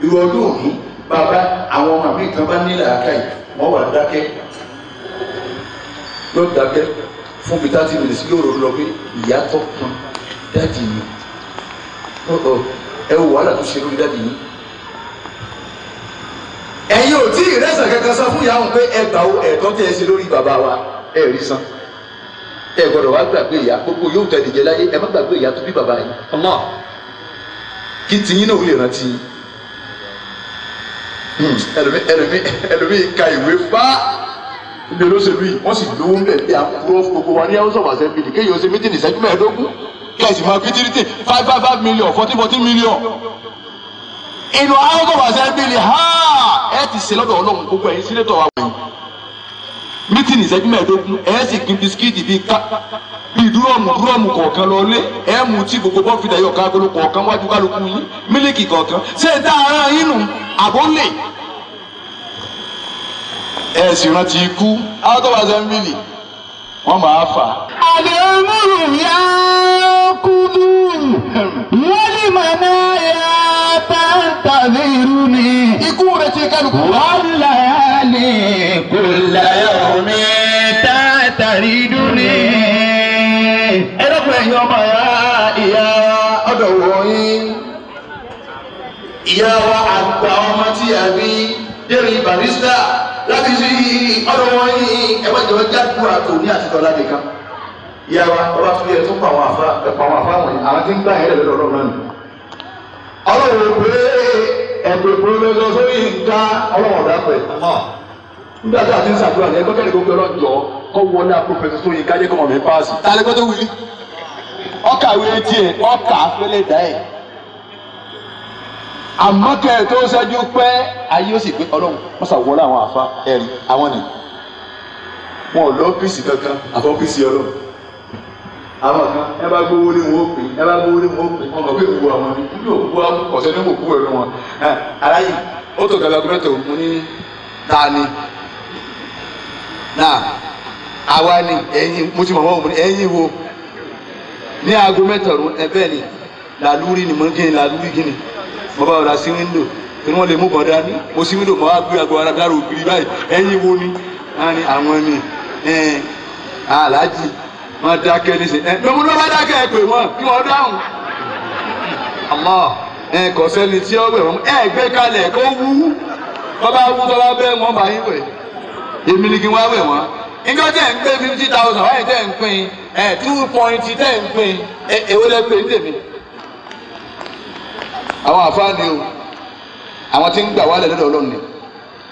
irú ọdún òní bàbá àwọn ọmọ mi kan bá nílẹ̀ àkàì wọ́n wà dákẹ́ yóò dákẹ́ fún bíi thirty minutes yóò lọ pé ìyá tó dáàdì mi ẹ wò wàhálà tó ṣe lórí dáàdì mi ẹ̀yin ò tí ì rẹ́sàn kankan san fún ìyáwó pé ẹgbà o ẹ̀tọ́ tẹ́ ẹ ṣe lórí bàbá wa ẹ rí san ẹ gbọ́dọ̀ wá gbàgbé ìyá gbogbo yóò tẹ̀lé jẹ láyé ẹ má gbàgbé ìyá tó bí bàbá yìí ọmọ kí tiyín náà ó lè rántí hmm, ẹlòmí ẹlòmí ẹlòmí ka ìwé fá ibi olóṣèlú yìí wọ́n sì lówó ń bẹ̀ bí i àkúrò gbogbo wa ní house of assembly kéèyàn ṣe mítìnì ìṣẹ́jú mẹ́ẹ̀ẹ́dógún kẹ̀sì máa fi títí five five five million fourteen fourteen million inú arákùnrin àti ẹbílì ha ẹ ti ṣe lọ́dọ̀ ọlọ́run gbogbo ẹ̀yin sínétọ̀ wa wọ̀nyí mítìnì ìṣẹ́jú mẹ́ẹ̀ẹ́dógún ẹ sì gbin bisikíìtì bíi ká bíi dúrọ́ọ̀mù dúrọ́ọ̀mù kọ̀ọ̀kan lọ́lé ẹ mú tí gbogbo bọ́fìdà yọ̀ káàkiri kọ̀ọ̀kan wájú kálukú yín mílíkì kọ̀ọ̀kan ṣé ẹ dá ara yín nù àbólè ẹ sì rántí ikú arákùnrin àti ẹbílì wọ́n máa fà. àdéhùn yáá. فاركضوا ولم انا يا تنتظرني يكون والليالي كل يوم تتردني ẹlẹ́kùnrin ẹ̀yin ọmọ ẹ̀yà ìyá ọ̀dọ̀ wọ̀nyí ìyá wa àgbà ọmọ tí a bí dẹ́rì barista láti sí ọ̀dọ̀ wọ̀nyí ẹ̀wọ̀n ìjọba jáde ìyá wa ọba tó yẹ tó pa àwọn àfa ẹ̀pà àwọn àfa wọ̀nyí àwọn tí ń gbà yẹn lọ́dọ̀ ọlọ́run náà ni. ọlọ́run pé ẹ̀pẹ̀ pòlọ́sọ sórí nǹkan ọlọ́run ọ̀dà pẹ̀. nígbà tí a ti ń ṣàdúrà ní ẹgbẹ́ kẹ́lẹ́ gbogbo ọlọ́jọ́ kọ́ wọlé àpòfẹ́sọ sórí kájẹ́ kọ́ mọ̀mí páàsì. tálẹ́ gbọ́dọ̀ wuli ọkà wíwé tiẹ̀ ọkà fẹ́lẹ́ dá ẹ̀. àmọ́ kẹ́ ẹ̀ tó ṣẹ́jú pẹ́ ayé ó sì pé ọlọ́run wọ́n ṣàwọlé àwọn àfa ẹ̀rí àwọn nì wọn ò lọ ọ́fíìsì kankan àfọ́ ọ́fíìsì ọlọ́run àwọn kan ẹ bá gbowó ní wọn ó pè ẹ bá gbowó ní wọn ó pè ọmọ pé òkú àwọn ni n yóò kú àwọn kọ̀sẹ́ ní òkú ẹ̀rọ wọn aláyè ó tó gàlàgùrẹ́tò mú ní ta ni náà àwa ni ẹ̀yin mo ti mọ̀ wọ́n mo ní ẹ̀yin wo ní aago mẹ́tọ̀ọ̀rún ẹ bẹ́ẹ̀ ni làlúrí ni mo ń gé làlúrí gíni mo bá wọlé sí wíńdò inú wọn lè mú bọ̀dá ní mo sí wíńdò mo wá gbé aago ara dárò ògiri báyìí ẹ̀yin wo ni àwọn ni aláàjì wọ́n dákẹ́ ní sè ẹ lọ́mú ló bá dákẹ́ ẹ pè wọ́n kí wọ́n dáhùn. Allah ẹ kò sẹ́ni tí ó wẹ̀ wọ́n ẹ gbé kalẹ̀ kó wú bàbá wú bàbá bẹ́ẹ̀ wọ́n bá yín wẹ̀ èmi ni kí wọ́n wẹ̀ wọ́n. nígbà tẹ̀ ń pé fifty thousand wáyé tẹ̀ ń pín ẹ two point tẹ̀ ń pín ẹ èwo lẹ pé ń tèmi. àwọn àfáàní o àwọn tí ń gbà wálẹ̀ lọ́dọ̀ ọlọ́run ni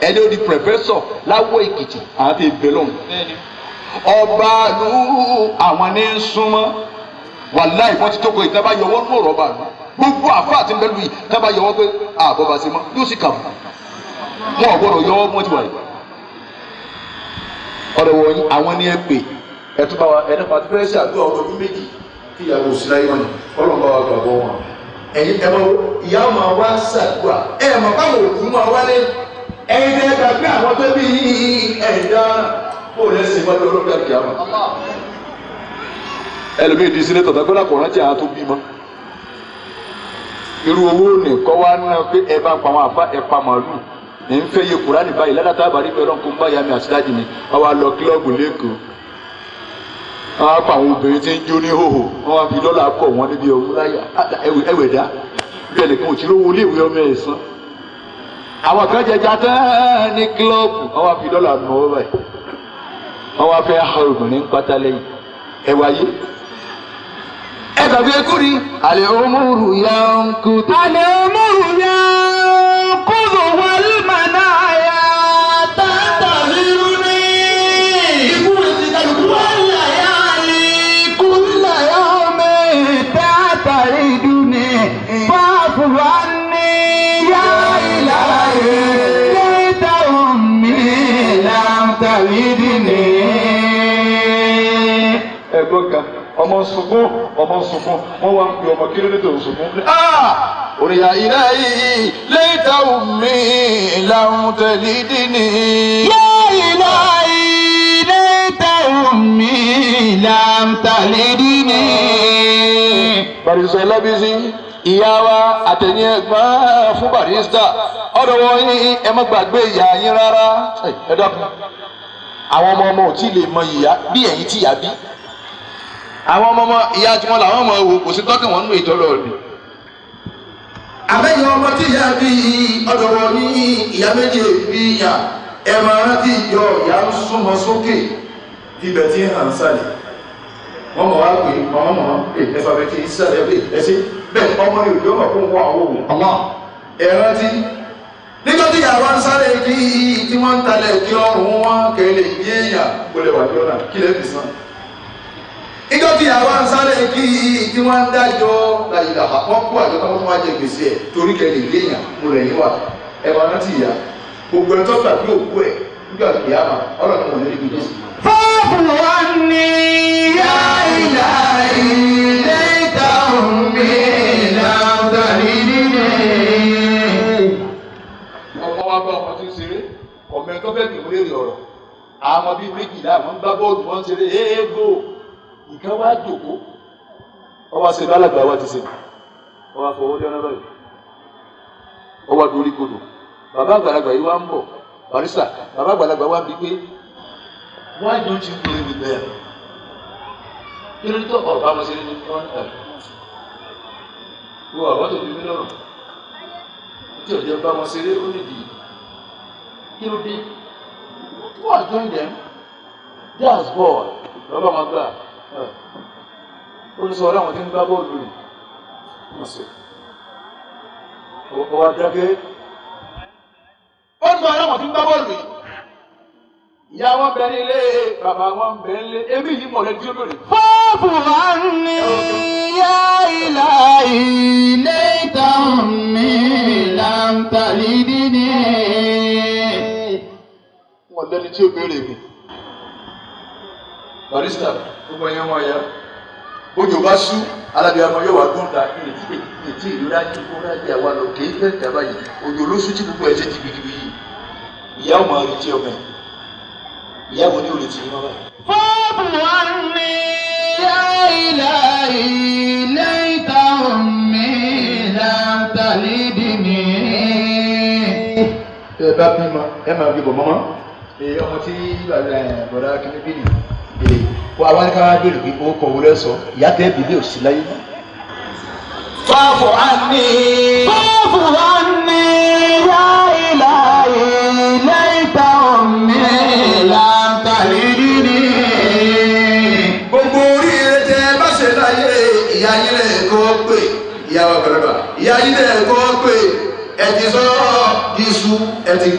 ẹni ó di pẹ̀fẹ́sọ̀ láwọ̀ èkìtì àti ìbẹ̀lọ́run. ọba lúú àwọn ní ń súnmọ́ wàláì wọ́n ti tó kọ́ ìtẹ́bá yọwọ́ ọba gbogbo àfa àti mbẹ́lú yìí tẹ́bá yọwọ́ pé àbọ̀ bá mọ́ yóò sì kàwé wọn ò yọwọ́ mọ́ yìí. ọ̀rọ̀ wọ̀nyí àwọn ní bá wa pàtó àdúrà ọdún méjì kí ìyàwó ọlọ́run bá wa gbàgbọ́ wọn bó yẹn sì wájú ọlọ́pàá kìá mọ́ ẹlòmíì di sílẹ̀ tọ̀tọ̀ pé lákòrán tí àwọn tó bí irú owó ní kọ́ wá pé ẹ bá pa àwọn àfa ẹ pa màálù kúránì báyìí mi àṣìláàjì mi àwa lọ kílọ̀bù lẹ́kọ̀ọ́ wọ́n àwọn obìnrin ń fi dọ́là níbi láyà dá bí ò iléèwé ọmọ ẹ̀ sàn àwọn kan ní kílọ̀bù fi dọ́là nù ọ́ báyìí. wọ́n wá fẹ́ ha obìnrin pátá lẹ́yìn ẹ wáyé. ẹ gbàgbé kúri. àlè òmùrù yà ń kú. àlè òmùrù yà ń kú. ọmọ sunkún ọmọ sunkún wọ́n wá ń pè ọmọ kílódé tó ń sunkún. òrìyà ilé yìí lẹ́tà omi làwọn tẹ̀lé dínì. láìlá lẹ́tà omi làwọn tẹ̀lé dínì. Barrister Olabisi ìyá wa àtẹ̀yìn ẹ̀gbọ́n fún Barrister ọ̀dọ̀ wọn yín ẹ má gbàgbé ìyá yín rárá ẹ dákun àwọn ọmọ ọmọ ò tí ì lè mọ ìyá bí ẹ̀yin tí ìyá bí àwọn ọmọ ọmọ ìyá tiwọn làwọn ọmọ wò kò sí tọ́kàn wọn nù ìtọ́rọ̀ ọ̀dùn. àbẹ́yìn ọmọ tí ìyá bí ọ̀dọ̀ wọn ní ìyá méjì bí ìyá ẹ máa rántí ìjọ ìyá ń súnmọ́ sókè ibẹ̀ tí hàn sálẹ̀ wọ́n mọ̀ wá pé ọmọ mọ̀ ẹ fà bẹ́ẹ̀ kí n sálẹ̀ ẹ sí bẹ́ẹ̀ ọmọ yóò yọ̀ọ̀ kó wọ́n àwọn òun ẹ rántí nítorí àwọn ń sáré kí tí wọ́n ń talẹ̀ kí ọrùn wọn kẹ́lẹ̀ yéèyàn ìjọ tí àwọn ansáré kí tí wọ́n ń dájọ́ làyìlà wọ́n kó àjọ tó wọ́n jẹ gbèsè ẹ̀ torí kẹ́lẹ́ ìléyàn mo rẹ̀ yín wà ẹ̀ wọn rántí ìyá gbogbo ẹ̀ tó gbà bí òkú ẹ̀ nígbà kìyàmà ọlọ́run wọn ní ibi jẹ́ sí. fọ́ọ̀bù wa ní yá ìyá ilé ìtàn mi làǹdà nídìí. ọmọ wa bá ọmọ tí ń ṣeré ọmọ ẹ tó fẹ́ bì wọlé rè ọ̀rọ̀ àwọn ọmọ bíi méjìlá àwọn ń gbá bọ́ọ̀lù wọn ń ṣeré éégó nǹkan wá jòkó ọwọ́ àṣẹ ìbálàgbà wa ti ṣe ọwọ́ àfọwọ́ lé báyìí ọwọ́ àdúrí kodò bàbá àgbàlagbà yìí wá ń bọ̀ barista bàbá àgbàlagbà wá bí pé why don't you play with them kí ló ní tó ọ̀rọ̀ báwọn ṣe ní wọ́n ẹ̀ wọ́n àwọn tó bí mí lọ́rọ̀ tí òjò báwọn ṣe rí ó lè dì í kí ló dé wọ́n join them that's ball lọ́ba wọn gbà ó ń sọ ọlọ́run tí ń gbá bọ́ọ̀lù rẹ̀ wọ́n sọ ọwọ́ adágé ó ń sọ ọlọ́run tí ń gbá bọ́ọ̀lù rẹ̀ ìyá wọn bẹ nílé bàbá wọn bẹ nílé èmi yìí mọ̀lẹ́ tí ó lòdì. fọ́ọ̀bù wa ń ní yá ìlà ilé ìtàn mi làǹtàlídìní. wọ́n lẹ́ni tí ó béèrè mi barista gbogbo ẹ̀yàn wọn ya bójú bá sú alábìyàmọ yóò wá gún ta ètí ìrírá ju kórájì àwa lọ kéé fẹ́ dàbá yìí òjò ló tí gbogbo ẹ̀ ti gbìgbì yìí ìyá ò máa retí ọmọ ẹ̀ ìyá wo ni ò retí yín báyìí. ẹ bá bímọ ẹ máa bí bọ̀ mọ́mọ́ ọmọ tí bàbá ẹ̀ bọ̀dá kìnnìkìnnì èlé wa wá ní ká wá béèrè pé owó kan wọlé sọ ìyá tẹ bí bí òsì láyé. fáfù àní. fáfù àní yá ìlà ilé ìta omi làǹtà lérí ni. gbogbo oríire tẹ bá ṣe láyé ìyá yín lè kọ́ pé ìyá wa gbọdọ̀ ìyá yín lè kọ́ pé ẹ ti sọ iṣu ẹ ti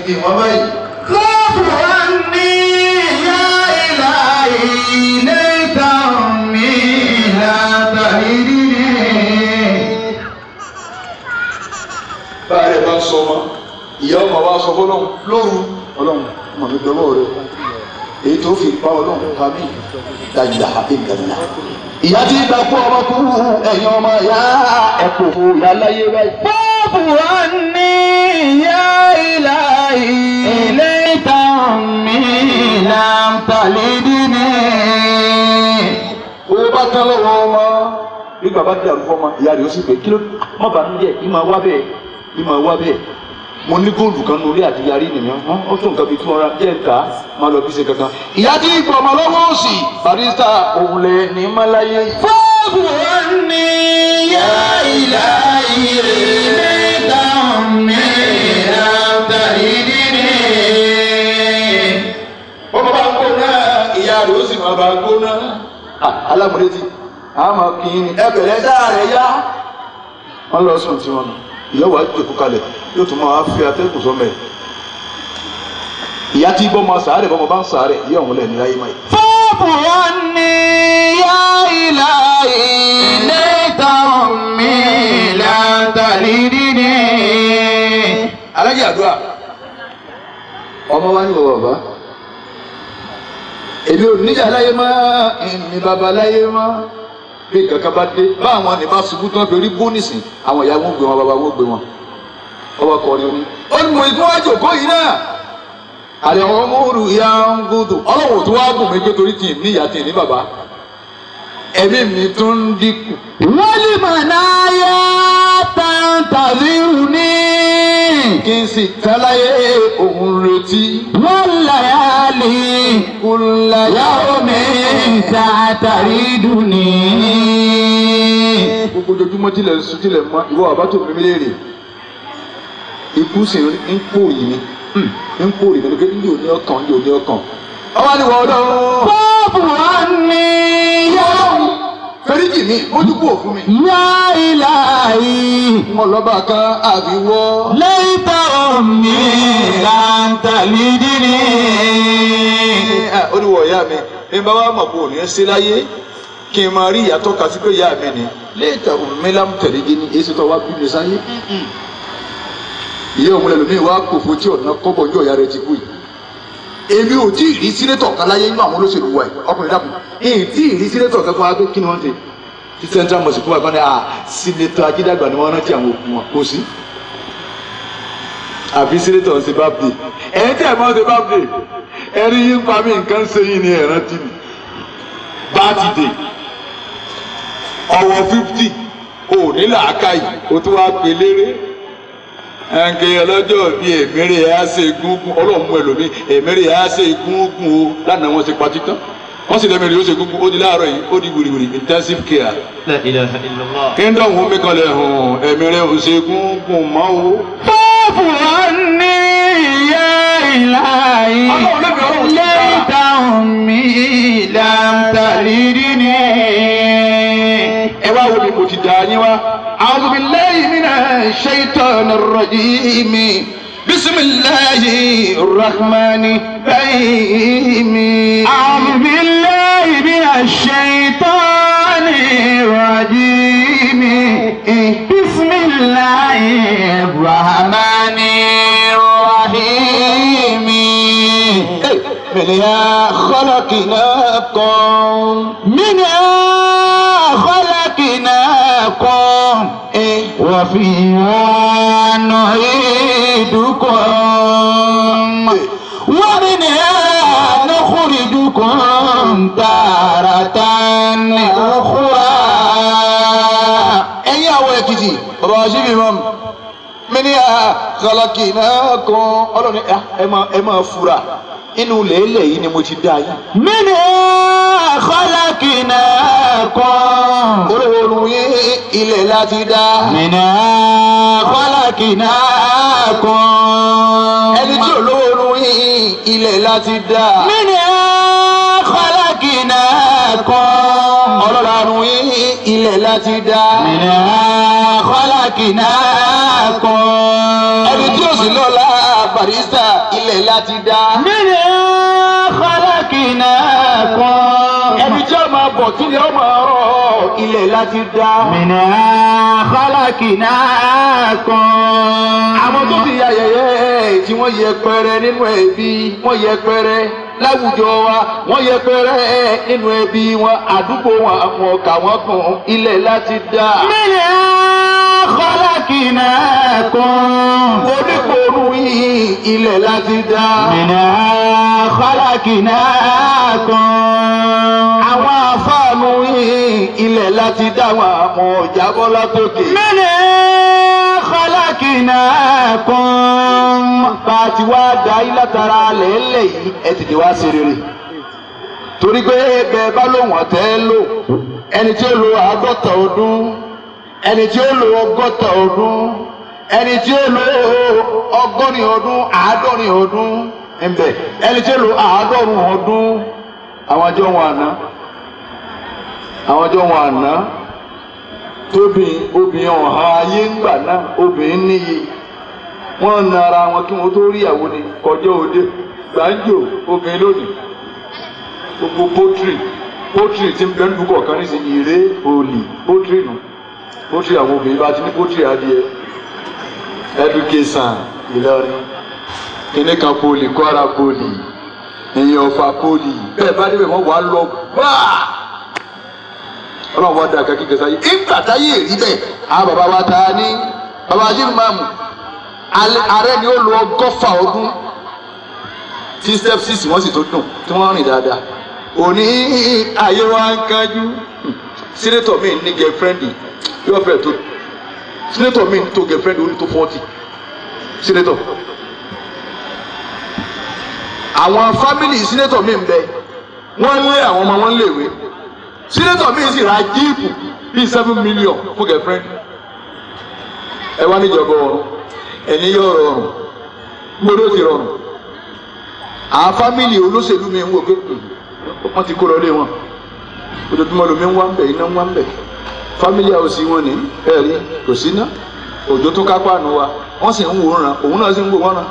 wá sọ fọlọ́hún lóru ọlọ́hún mọ̀ mi dọ́wọ́ rẹ èyí tó fi pa ọlọ́hún pa mí dájúdá ìgbàlá. ìyá tí ń dakú ọmọ kúrú ẹ̀yin ọmọ ya ẹ̀kọ́ ìyá láyé báyìí. bọ́ọ̀bù wa ní ìyá ìlà ilé ìtàn mi là ń tàlédì ní. owó bá tán lọ́wọ́ ọmọ bí bàbá dàrú fọmọ ìyá rẹ̀ ó sì pé kí ló má bàa ń jẹ́ ìmọ̀ wá bẹ́ẹ̀ ìmọ̀ wá bẹ́ẹ̀ mo ní góòlù kan lórí àdìyàrí nìyẹn hàn ó tó nǹkan bíi two hundred díẹ̀ ká máa lọ bí ṣe kankan. ìyá tí ìgbọ̀ ọmọ lọ́wọ́ òsì barista òwúlẹ̀ ní mọ́láyé. fọ́ọ̀bù ó ní yá ìlà ìrèlè dáhùn mí àtàrí dídí. ó bá gbóná ìyá rẹ̀ ó sì máa bá gbóná. alámúlétí àmọ́ kì í ní ẹbẹ̀rẹ̀ dáa rẹ̀ yá. wọ́n lọ sùn tí wọ́n nù ìyá wa jòkó kalẹ̀ yóò tún máa fi atẹ́gùn sọmẹ ìyá tí bọ́ máa sàárẹ̀ bọ́ máa bá ń sàárẹ̀ ìyá òun lẹ̀ ní ayé máa yìí. fọ́ọ̀bù wọn ni yá ìlà ilé ìtàn mi látàlí dídí. alájà àdúrà ọmọ wa ni wọ bàbá èmi ò níjà láyé mọ́ èmi bàbá láyé mọ́ bí nǹkan kan bá dé bá àwọn àná bá ṣubú tí wọ́n fi rí bú nìsín àwọn ìyá wọn gbé wọn bàbá wọn gbé wọn ọwọ́ kọrin oní. ó ní mo ìgbọ́n wájú òkó yìí náà àlẹ́ ọ̀rọ̀ mòrú ìyá ń gbódò ọlọ́wọ́ tó wá gùn mí pé torí tì ní ìyá tì ní bàbá ẹ̀mí mi tó dínkù. wọ́n lè mọ̀ náà yá tàǹtàlírù ní kí n sì táláyé òun retí. wọ́n láyà lè kúláyà omi sàtàrí dùnì. gbogbo ojoojúmọ́ tilẹ̀ sùn tilẹ̀ mọ́ ìwọ àbátò léèrè ikú sì ń pòrì mi hmm. ń pòrì mi lókè ní òní ọkàn ní òní ọkàn. ọwọ́ ni wọ́n lọ. bọ́ọ̀bù wa ni yóò fẹ́ríjì mi mójúkú òfin mi. láìláì. ọlọ́ba kan àbíwọ́. lẹ́yìntà omi làǹtàlídì ni. olùwọ̀ ìyá mi ní bàbá mọ̀ pé òní ń ṣe láyé kí n máa rí ìyàtọ̀ kà sí pé ìyá mi ni lẹ́yìntà omi làǹtàlídì ni èsì tó wá bí mi sáyé. ìyá òun lẹ́nu mi wá kòfó tí ọ̀nà kọ́bọ̀ ojú ọ̀yà rẹ̀ ti kú yìí èmi ò tí ì rí sínétọ̀ kan láyé nínú àwọn olóṣèlú wa yìí ọkùnrin dàpọ̀ èyí tí ì rí sínétọ̀ kan kan pé kí ni wọ́n ṣe ti central mosque wa kan ní à sínétọ̀ ajídàgbà ni wọ́n rántí àwọn òkú wọn kò sí. àfi sínétọ̀ ṣe bá bè tí ẹ̀ máa ṣe bá bè yín pa mí nǹkan ṣe yín ni ẹ̀ rántí mi. bá dè ọwọ́ fifty ò ní làákàyè o tún wá pe léré ẹnkẹ ọlọ́jọ́ bí èmèrè yà á ṣe gúngún ọlọ́mú ẹlòmí èmèrè yà á ṣe gúngún o lánàá wọn ṣe patí tán wọn sì lẹ́mẹ̀rẹ̀ yóò ṣe gúngún ó di láàárọ̀ yìí ó di wìrìwìrì intensive care. kingdom home kanlẹ̀ hàn èmèrè ò ṣe gúngún mọ́ o. fọ́ọ̀fù wọn ní ìyá ìlà ilé ìdáhùn mi ìlà tàlídìí ni. ẹ wá wo ni mo ti dà yín wá. أعوذ بالله من الشيطان الرجيم بسم الله الرحمن الرحيم أعوذ بالله من الشيطان الرجيم بسم الله الرحمن الرحيم إيه، خلقنا خلقناكم من أجل فيها نعيدكم ومنها نخرجكم تارة أخرى ẹ̀yin àwọn èkìtì ọba ọ̀ṣìbì mọ́mù mí ní àkàlàkì náà ẹ máa fura inú lèélẹ̀ yìí ni mo ti dá yín. mini kọ́lákìnà kan. olówó yín ilẹ̀ láti dá. mini kọ́lákìnà kan. ẹni tí olówó yín ilẹ̀ láti dá. mini kọ́lákìnà kan. ọlọ́run yín ilẹ̀ láti dá. mini kọ́lákìnà kan. ẹni tí ó sì lọ́la àrísà ilẹ̀ láti dá. nínú kọ́lákìnà kan. ẹni tí ó máa bọ̀ tí ó máa rọ̀ ilẹ̀ láti dá. nínú kọ́lákìnà kan. àwọn tó ti ya yẹ̀yẹ́ tí wọ́n yẹ pẹrẹ nínú ẹbí wọ́n yẹ pẹrẹ láwùjọ wa wọ́n yẹ pẹrẹ nínú ẹbí wọn àdúgbò wọn àwọn ọ̀kà wọn kàn ilẹ̀ láti dá. nínú iná kan. oníkorun yìí ilẹ̀ láti dá. mìnà kọ́lákìnà kan. àwọn afáàlù yìí ilẹ̀ láti dá wọn àmọ́ ìjábọ́ látòkè. mìnà kọ́lákìnà kan. bá a ti wá dá ilé tara lẹ́lẹ̀ yìí ẹ tètè wá sí rere torí pé bẹ́ẹ̀ bá lòun ọ̀tẹ́ lò ẹni tí ó lo àádọ́ta ọdún. ẹni tí ó lo ọgọ́ta ọdún ẹni tí ó lo ọgọ́rin ọdún àádọ́rin ọdún ẹ̀ǹbẹ̀ ẹni tí ó lo àádọ́rùn ọdún àwọn ọjọ́ wọn àná àwọn ọjọ́ wọn àná tóbi obìnrin ọ̀hán ayé na ara wọn kí wọ́n tó rí ìyàwó ni kọjá òde gbàǹjo obìnrin lónìí gbogbo ti ń bẹ́ẹ̀ ń dúkọ̀ kan ní sìn pọ́tìrì àwọn obìnrin bá ti ní pọ́tìrì adìẹ education Ìlọrin kíní kan poli Kwara poli èèyàn ọ̀fà poli bẹ́ẹ̀ bá débẹ̀ wọ́n wà á lọ gbáà ọlọ́run wá dáa kankan sáyé ìgbà táyé rí bẹ́ẹ̀ àwọn bàbá wa ta ni bàbá ajé mamu ààrẹ ni ó lo ọgọ́fà ọdún tí step six wọ́n sì tó dùn tí wọ́n rìn dáadáa òní ayé wa ń kájú hmm. sínítọ̀ mi ní gẹ̀ẹ́fẹ́ndì yóò fẹ́ tó senator mi tó friend only tó forty senator àwọn family senator mi ń bẹ wọ́n ń lé àwọn ọmọ wọn ń léwe senator mi sì ra jíìpù bíi seven million fún girlfriend ẹ wá níjọba ọrùn ẹni yóò rọrùn gbọ́dọ̀ ti rọrùn àwọn family olóṣèlú mi ń wò pé hmm, wọ́n ti kó lọ lé wọn ojoojúmọ́ lomi ń wá ń bẹ̀ iná ń wá ń bẹ̀ fámílì àwòsí wọn ni ẹ rí kò sí ná òjò tó kápá nu wa wọ́n sì ń wòran òun náà sì ń wòran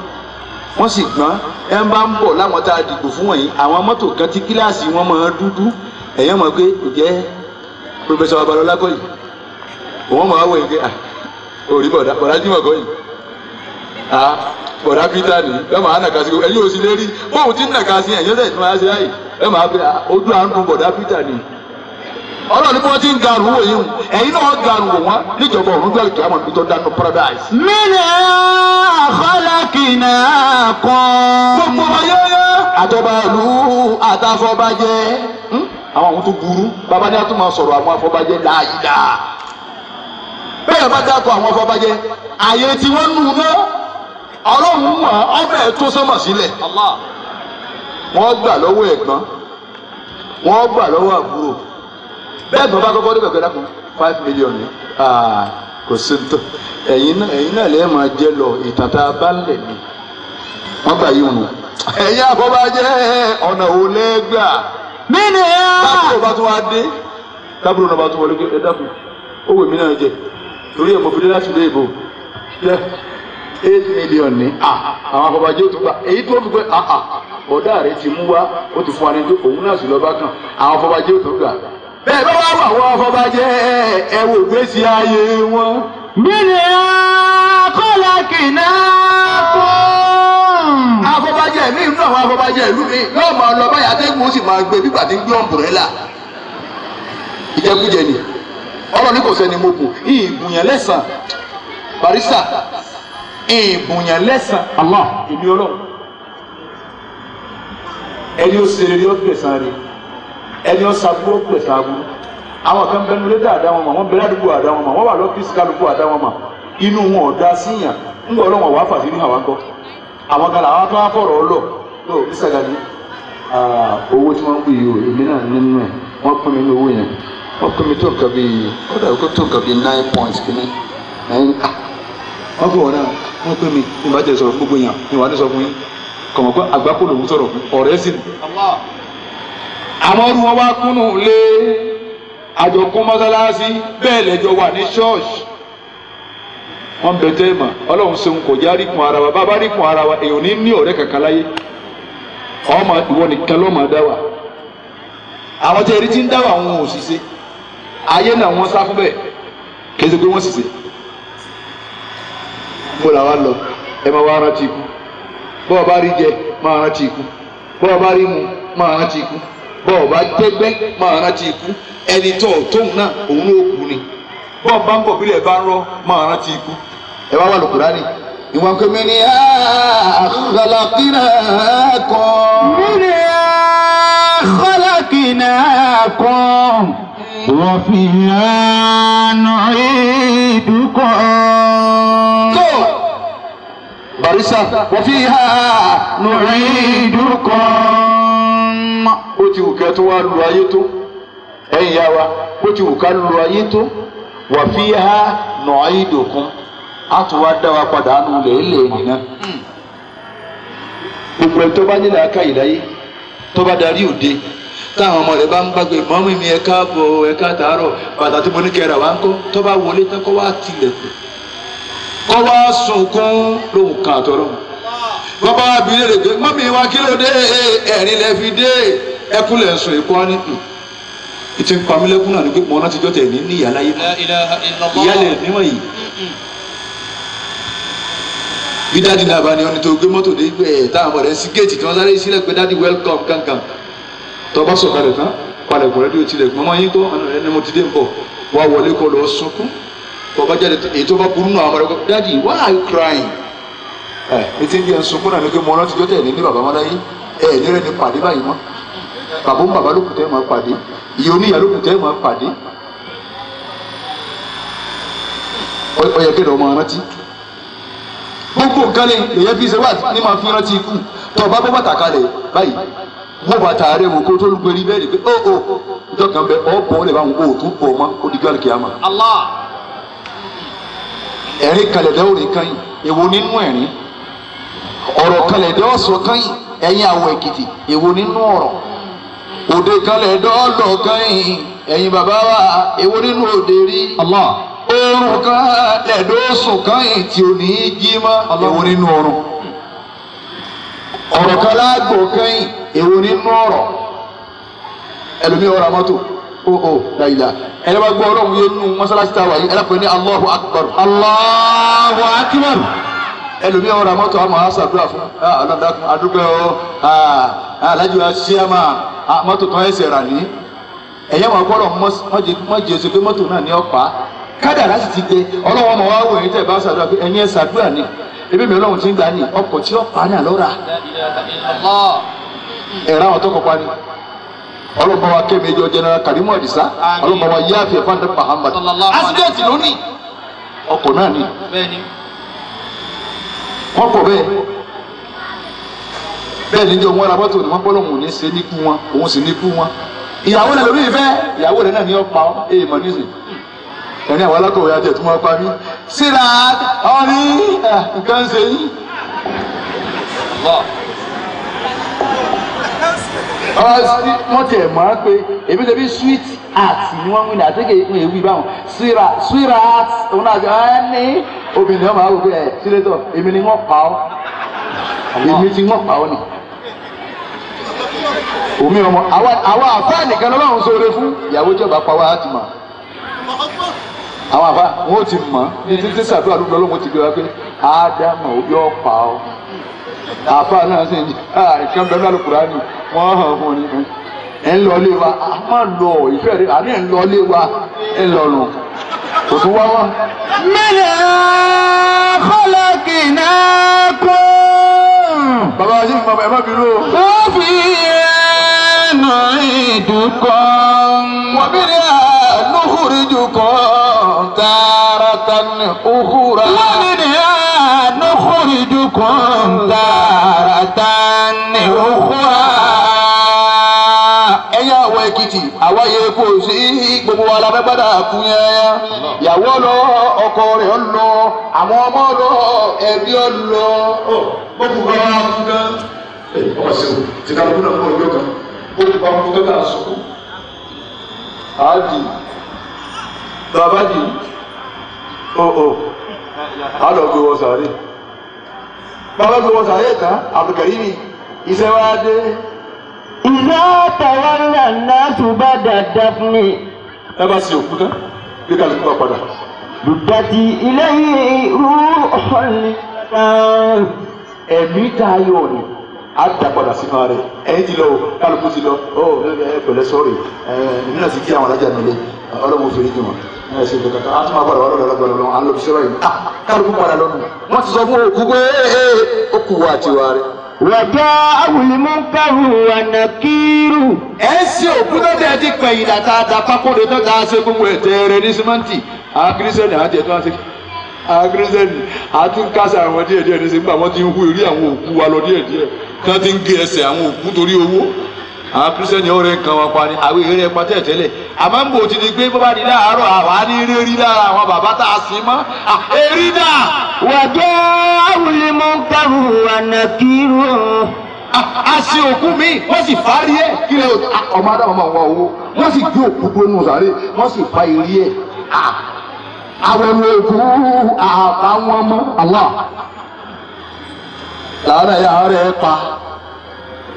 wọ́n sì gbọ́n ẹ ń bá ń bọ̀ láwọn tá a dìbò fún wọ̀nyí àwọn mọ́tò kan tí kíláàsì wọn máa dúdú ẹ̀yẹ́ mọ̀ pé kò jẹ́ pòfẹ́sọ̀ Babalọ́lá kọ́ yìí òun máa wọ̀ ẹ̀gẹ́ òrí bọ̀dá bọ̀dá jìmọ̀ kọ́ yìí bọ̀dá Peter ni ẹ máa nàka sí ẹ̀yìn òsì lérí bóun ti nàka sí ẹ̀yìn ọ̀sẹ̀ ìtumọ̀ ẹ̀ ṣe láyìí ẹ máa bẹ ojú àánú bọ̀dá Peter ni ọlọ́run bí wọ́n ti ń garù wò yín ẹ̀yin náà garù wò wọ́n níjọba òun gbàgbé àmọ́ ibi tó dánú paradise. mílẹ̀ àfọlákìnà kan. gbogbo ayẹyẹ àjọba ìlú àtàfọbajẹ. Hmm? àwọn àwọn tó burú bàbá ní àtúmọ̀ sọ̀rọ̀ àwọn afọbajẹ láàyè bẹ́ẹ̀ bá dákọ̀ àwọn afọbajẹ àyè tí wọ́n nù náà ọlọ́run mọ̀ ọbẹ̀ tó sọ́mọ̀ sílẹ̀ wọ́n gbà lọ́wọ́ ẹ̀gbọ́n wọ́n gbà lọ́wọ́ àbúrò bẹ́ẹ̀ gbọ́n bá kọ́kọ́ débẹ̀ pẹ̀lú àkùn five million ni kò sí tó ẹ̀yin náà ẹ̀yin náà lẹ́yìn máa jẹ́ lọ ìtàtà abálẹ̀ ni wọ́n gbà yí wọn. ẹ̀yin àkọ́bá jẹ́ ọ̀nà òun lẹ́gbà. mí ni ẹ tábìlì ọba tó wá dé tábìlì ọba tó wọlé ẹ dákun ó wè mí náà jẹ torí ẹ mo fi láti ilé ìbò jẹ eight million ni àwọn àkọ́bá jẹ́ òtún gbà èyí tó fi pé ọ̀dà rẹ ti mú wá ó ti fún wa ní tó òun náà sì lọ bá kàn àwọn àkọ́bá jẹ́ òtún gbà bẹ́ẹ̀ bá wà wà wọ́n afọbajẹ́ ẹ wò gbèsè ayé wọn. bíní akọ́lá kìnnà kún. afọbajẹ́ mi inú àwọn afọbajẹ́ ìlú mi yóò máa lọ báyà atẹ́gùn ó sì máa gbé bígbà tí ń gbé ọ̀mbrẹ́là ìjẹkújẹ ni ọlọ́ni kò sẹ́ni mo bù ìbùyàn lẹ́sàn barisa ìbùyàn lẹ́sàn Allah èmi ọlọ́run ẹni ó ṣe rere ó gbẹ̀san rẹ̀. ẹni ọsọ kúrò pè sáàbù àwọn kan bẹnu lédè àdá wọn mọ̀ wọ́n bẹ̀rẹ̀ àdúgbò wọn wà lọ́fíìsì kálukú àdá wọn mọ̀ inú wọn ò síyàn ńgbọ́ ọlọ́wọ̀n wàá fàṣírí àwọn akọ àwọn kan làwọn tó wá tó owó tí wọ́n ń pè èmi náà nínú ẹ̀ wọ́n ní owó yẹn wọ́n tó nǹkan ó dàbí kó tó nǹkan nine points kìíní wọ́n pè wọ́n àwọn ọdún wọn wá kúnnù lé àjọkún mọ́sálásí bẹ́ẹ̀ lẹ́jọ́ wà ní ṣọ́ọ̀ṣì wọn bẹ tẹ́ ma ọlọ́run ṣeun kò já rí kun ara wa bàbá rí kun ara wa èyàn ní ní ọ̀rẹ́ kankan láyé ọmọ ìwọ nìkan ló máa dá wa àwọn tẹ̀rí tí ń dá wa wọn ò ṣiṣẹ́ ayé náà wọ́n sá fún bẹ́ẹ̀ kì pé wọ́n ṣiṣẹ́ mo là wá lọ ẹ máa wá rántí ikú bọ́ọ̀ bá rí jẹ máa rántí ikú bọ́ọ̀ bá rí mu máa rántí ikú bọ́ ọ bá tẹ́gbẹ́ máa rántí ikú ẹni tó tóun náà òun ló kú ni bọ́ ọ bá ń bọ̀ bílẹ̀ bá ń rọ máa rántí ikú. ẹ wá wà lóko rárá ni. ìwọ̀n kò mìíní àkàlàkìnà kan. mìíní àkàlàkìnà kan. wọ́n fi hànà ìdúkọ̀. tó barisa wọ́n fi hànà ìdúkọ̀. mọ́ bó ti wù kẹ́ tó wá lu ayé tó ẹyìn yá wa bó ti wù ká lu ayé tó wà fi ha nà ayé dòkun a tó wá dá wa padà nù lẹ́lẹ̀ nìyẹn. gbogbo tó bá nílẹ̀ aká ìdáyé tó bá darí òde táwọn ọmọ bá ń bàtà tí mo ní kẹ́ra ń kọ́ tó bá wọlé tán kọ́ wá wọ́n bá wá pé mọ́mí wa kí ló dé ẹ̀rín lẹ fi dé ẹkún lẹ̀ sùn èkó ọ́ ní hmm. ìtì pamílẹ́kún náà ni pé mọ́ná ti jọ́ tẹ̀ ní ní ìyáláyé ìyálẹ̀ níwọ̀n yìí mm, mm. bí dáàdi náà bá ní ọ́ni gbé mọ́tò dé ẹ̀ táwọn ọmọ rẹ̀ sí géètì tí wọ́n sáré sílẹ̀ pé dáàdi welcome kankan tó bá sọ̀kalẹ̀ tán palẹ̀ kọ̀ rẹ́díò tilẹ̀ mọ́mọ́ yín kọ́ ẹni mo ti dé ń bọ̀ wá wọlé kọ́ lọ sunkún tó bá jáde tó bá burú náà ọmọ rẹ̀ kọ́ dáàdi why are you crying? ẹ etí ń jẹ ń sunkún náà ni pé mo rántí jọ́tẹ̀ ní ní bàbá wọn láyé ẹ ní rẹ ní pàdé báyìí mọ́ bàbá ń bàbá lókùtẹ́ máa pàdé ìyá oníyà lókùtẹ́ máa pàdé ọyẹ kéde ọmọ rántí gbogbo nǹkan ni lèyẹ fi ṣe wá ní máa fi rántí ikú tó bá bọ́ bàtà kalẹ̀ báyìí mo bàtà rẹ mo kó tó lù gbẹrí bẹ́ẹ̀ ni pé ó oh, ó oh, ìjọ kan bẹ ọ bọ̀ ọ́ lè bá wọn o tún bọ̀ ọ́ mọ́ ó di gbẹ́rù kìá ma. ẹ̀rín kalẹ̀ dẹ́wọ̀n nìkan yìí èwo nínú ẹ̀rín ọ̀rọ̀ kan lẹ̀dọ́ ọ̀sọ̀ kan yìí ẹ̀yin àwọ̀ èkìtì èwo nínú ọ̀rọ̀ òde kan lẹ̀dọ́ ọ̀lọ̀ kan yìí ẹ̀yin bàbá wa èwo nínú òde rí oorun kan lẹ̀dọ́ ọ̀sùn kan yìí tí ò ní í jí mọ́ èwo nínú ọ̀run ọ̀rọ̀ kan láàgbò kan yìí èwo nínú ọ̀rọ̀ ẹlòmíì ọ̀rọ̀ àmọ́tò o oh, o oh, dayila ẹni bá gbọ́ ọlọ́run yé nu mọ́sálásí tá a wà yìí ẹlẹ́kùnrin ní Allahu Akbar. Allahu Akbar ẹlòmí àwọn ọ̀rọ̀ mọ́tò àmọ́ àṣàdúrà fún ah, ọlọ́dàkùn adúgbò ah, ah, alájú aṣíàmà mọ́tò kan ẹsẹ̀ rà ní ẹ̀yẹ́ wọn gbọ́dọ̀ mọ́jẹ ṣe pé mọ́tò náà ní ọ̀pá kádàrá sì ti gbé ọlọ́wọ́ ọmọ wa wò ní tẹ̀ bá ṣàdúrà pé ẹ̀yin ẹ̀ṣàdúrà ni ebi mi ọlọ́run ti ń gbà ní ọkọ̀ tí ọ̀pá náà lọ́ra ẹ̀rọ àwọn tó kọ̀ọ̀pá ni ọlọ́mọ wa kẹ́mi ẹjọ́ jẹnẹra Karimu Adisa ọlọ́mọ wa yáàfin ẹ̀fọ́n dẹ́ Muhammad accident lónìí ọkọ̀ náà ni wọ́n kọ̀ bẹ́ẹ̀ bẹ́ẹ̀ níjọ wọn ra mọ́tò ni wọ́n gbọ́dọ̀ mọ̀ ní ṣe ní kú wọn òun sì ní kú wọn ìyàwó rẹ̀ lórí ìfẹ́ ìyàwó rẹ̀ náà ní ọ̀pá èyí mọ̀ nísìn ẹni àwọn alákọ̀wé ajẹ tó máa pa mí síra ọ̀rí nǹkan ṣe yín wọ́n tiẹ̀ mọ̀ ọ́n pé èmi tẹ̀bi sweet art ni wọ́n wí ní àtẹ́kẹ́ ìpín èwì báwọn sira sira art òun náà ẹ ní obìnrin ọmọ àwọn òbí ẹ sílẹ̀tọ̀ èmi ni wọ́n pa ọ́ èmi ti wọ́n pa ọ́ ni. omi ọmọ àwọn àfa nìkan lọ́wọ́ sóore fún ìyàwó jọba pa wá láti mọ̀ àwọn àfa wọn ò ti mọ̀ ní títí sàdúrà lóko lọ́wọ́ ti gbé wa pé ádámà òbí ọ̀ pa ọ́ àfa náà sì ń jẹ àìkan ah, bẹ́ẹ̀ lálẹ́ kúránì wọ́n hàn fún ni ẹ̀ ń lọ ilé wa a ah, máa lọ ìfẹ́ rẹ̀ àní ẹ̀ ń lọ ilé wa ẹ̀ ń lọ nù kò tún wá wá. mílíọ̀nù kọ́lọ́kì náà kú. bàbá wa sí ìfọ̀mọ̀ ẹ̀ má bínú o. ó fi ẹnu ìdúkọ. wọ́n bí ní àlùkùrìjù kan tààràtà ní òkúra. wọ́n ní منكم تارة أخرى ẹ̀yin àwọn èkìtì àwa yẹ kó sí gbogbo wa la fẹ́ gbádà kú yẹn yàwó lọ ọkọ rẹ̀ lọ àwọn ọmọ lọ ẹbí lọ. gbogbo wa máa kú gan. ọmọ sẹ́wọ̀n ti ká lóun náà mọ̀ ọjọ́ kan gbogbo wa kú gan náà sọ̀kò. àádì bàbá dì ó ó àlọ́ gbé wọ sàárè bàbá gbogbo sàlẹ̀ tán karimi, iṣẹ́ wa dé. ìyá tàwárà náà ṣùgbọ́n dáadáa fún mi. ẹ bá sin òkú tán bí kálukú bá padà. lùdàtì ilé yìí rú ọ̀lẹ́ ẹ̀mí tá a yọ̀ ni a da padà sínú ara rẹ̀ ti lọ o kálukú ti lọ ọ oh. ẹ pẹ̀lẹ́ sọ́ọ̀rì ẹ nínú àti kí àwọn alájà nílé ọlọ́run ò fèrè jù wọn ní ẹsẹ ìgbẹ kankan a tún máa padà wà lọ́dọ̀ ọlọ́gbọ́n lọ́wọ́ àwọn olùsọ̀rọ̀ yìí ah kálukú padà lọ́nu wọ́n ti sọ fún òkú pé ó kù wá àti wá rẹ̀. wọ́jọ́ awùlímúkàrù ànàkírù. ẹ ṣe òkú tó tẹ̀ ti pẹ̀ yìí dàtà dà pákóde tó ta ṣe gbogbo ẹ̀tẹ̀ rẹ̀ ní símẹ́ǹtì àwọn kírísẹ́nì àti ẹ̀tọ́ àti àwọn kírísẹ́nì àtúnkásá àwọn díẹ̀díẹ̀ àwọn kírísítẹ́nì ó rẹ nǹkan wọn pa ni àwọn èrè ẹ̀pá tẹ̀ tẹ́lẹ̀ àmọ́ ń bò ti di pé bọ́bá di láàárọ̀ àwa ní eré rí lára àwọn bàbá tá a sì mọ́ èrí dà. wàjẹ́ àwùlé mọ́ gbàrú ànàkírò. a sì òkú mi wọ́n sì fárí ẹ̀ kí lè ọmọ adáwọ̀ máa wá owó wọ́n sì gbé òkú gbónú sàré wọ́n sì fa èrí ẹ̀ àwọn ọmọ òkú àbáwọn ọmọ àlọ́ làárẹ̀ yà á rẹ̀ pa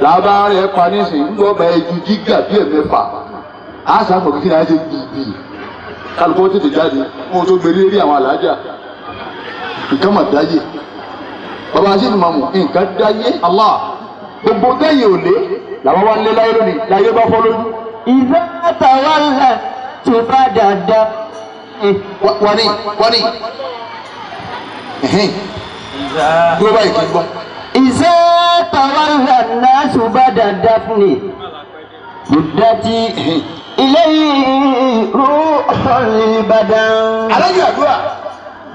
làbá rẹ̀ pa nísìnyí ń gbọ́ bá ẹju gíga bíi ẹ̀mẹ́fà á sàfọ̀ kí ni a ṣe bìbì kálukú ó tètè jáde mo tó gbé lérí àwọn àlàájá nǹkan mà dáyé bàbá aṣèlú màmú nǹkan dáyé Allah gbogbo dẹ́yìn òlé làwọn wá lé láyé lónìí láyé bá fọ́ lójú. ìfẹ́ tàwálà tó bá dáadáa. wọ́n ní wọ́n ní. bí ó báyìí kì í ìṣe tàwárìhà náà ṣùgbọ́n dáadáa fún mi ìdájí ilé ìrú Ìbàdàn. alájọ àdúrà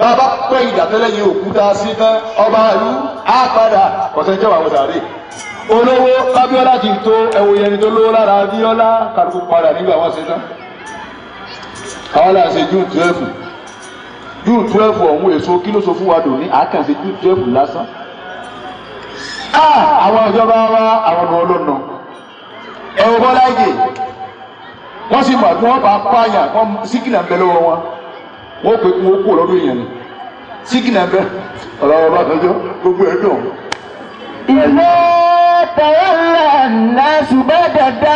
bàbá pẹ́ ìdàtẹ́lẹ̀ yìí òkúta sí tán ọba àlú àpàdà ọ̀sẹ̀ jẹ́ wàhùn sàárè. olówó Abíọ́lá ti tó ẹ̀wò yẹn tó lówó lára Abíọ́lá kàdúkú padà nígbà wọn ṣe tán. àwọn náà ṣe june twelve june twelve ọ̀hún èso kí ló sọ fún wa dòní àkànṣe june twelve lásán. Ah, àwọn ìjọba wa àwọn ọmọ olóńnà ẹ̀rọ bọ́lá ìdè wọ́n sì mọ̀ kí wọ́n bá pààyàn wọ́n síkìlà ń bẹ lọ́wọ́ wọn wọ́n pè kí wọ́n kú lọ́dún ni síkìlà ń bẹ ọ̀rọ̀ ọba àtọ́jọ́ gbogbo ẹ̀ dùn. ìwé tẹ̀yẹ̀lẹ̀ náà ṣùgbọ́n dàda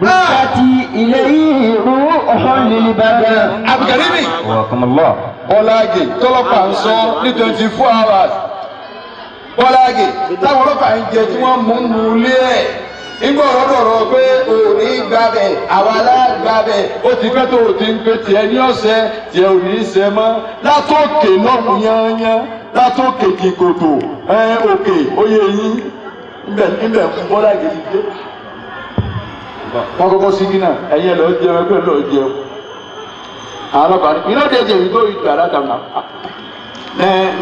bùkátì ilé yìí ọ̀hún lílí bàbá. àbùkàrí mi ọ̀làjì tọ́lọ́pàá ń sọ ní twenty four hours bọ́láàgì táwọn ọlọ́pàá ń jẹ tí wọ́n mú un mú lé ẹ̀ nígbà ọ̀rọ̀ dọ̀rọ̀ pé òní gbàbẹ̀ àwa lágbàbẹ̀ ó ti pẹ́ tó o ti ń pe tiẹ̀ ní ọ̀sẹ̀ tiẹ̀ ò ní í sẹ mọ́ látòkè lọ́mù yányán látòkè kìkòtò ẹ̀ òkè oyè yín ńbẹ̀ ńbẹ̀ bọ́láàgì ti dé wọn kọ́kọ́ sí gínà ẹ̀yin lọ jẹun ẹgbẹ́ lọ jẹun àwọn ọlọ́pàá ní iná jẹjẹrì tó ìgbà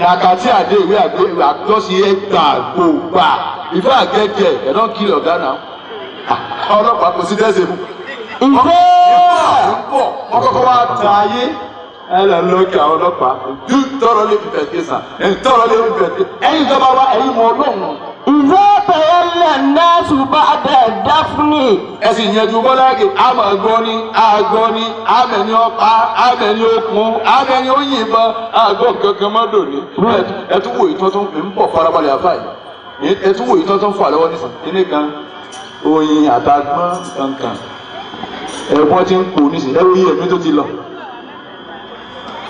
nakati ade wey i go i just hear gba gbo gba before i get there dem don kill oga now ah, ọlọ́pàá kò sí tẹsẹ mu. nbọ nbọ ọkọkọ wa ta ayé ẹ lọ lókè àwọn ọlọ́pàá ju tọrọ lé fífẹ kéésà ẹ tọrọ lé fífẹ kéésà ẹ̀yin tó bá wá ẹ̀yin mọ Ọlọ́run ìzẹ́tẹ̀yẹ́lẹ̀ náà ṣùgbọ́n abẹ́ dáfúnì. ẹ sì yanjú bọ́lá kì àmọ́ gbọ́ni àgọ́ni àmẹ́ni ọ̀pá àmẹ́ni okùn àmẹ́ni òyìnbọn àgọ́ kankan má dòní. ẹ tún wò ìtọ́tún ń bọ̀ farabalẹ̀ àfáì ẹ tún wò ìtọ́tún fà lọ́wọ́ nísìn ilé kan oyin àtàgbọ́n kankan ẹ̀wọ́n ti ń pò nísìn ẹ oyin ẹ̀mí tó ti lọ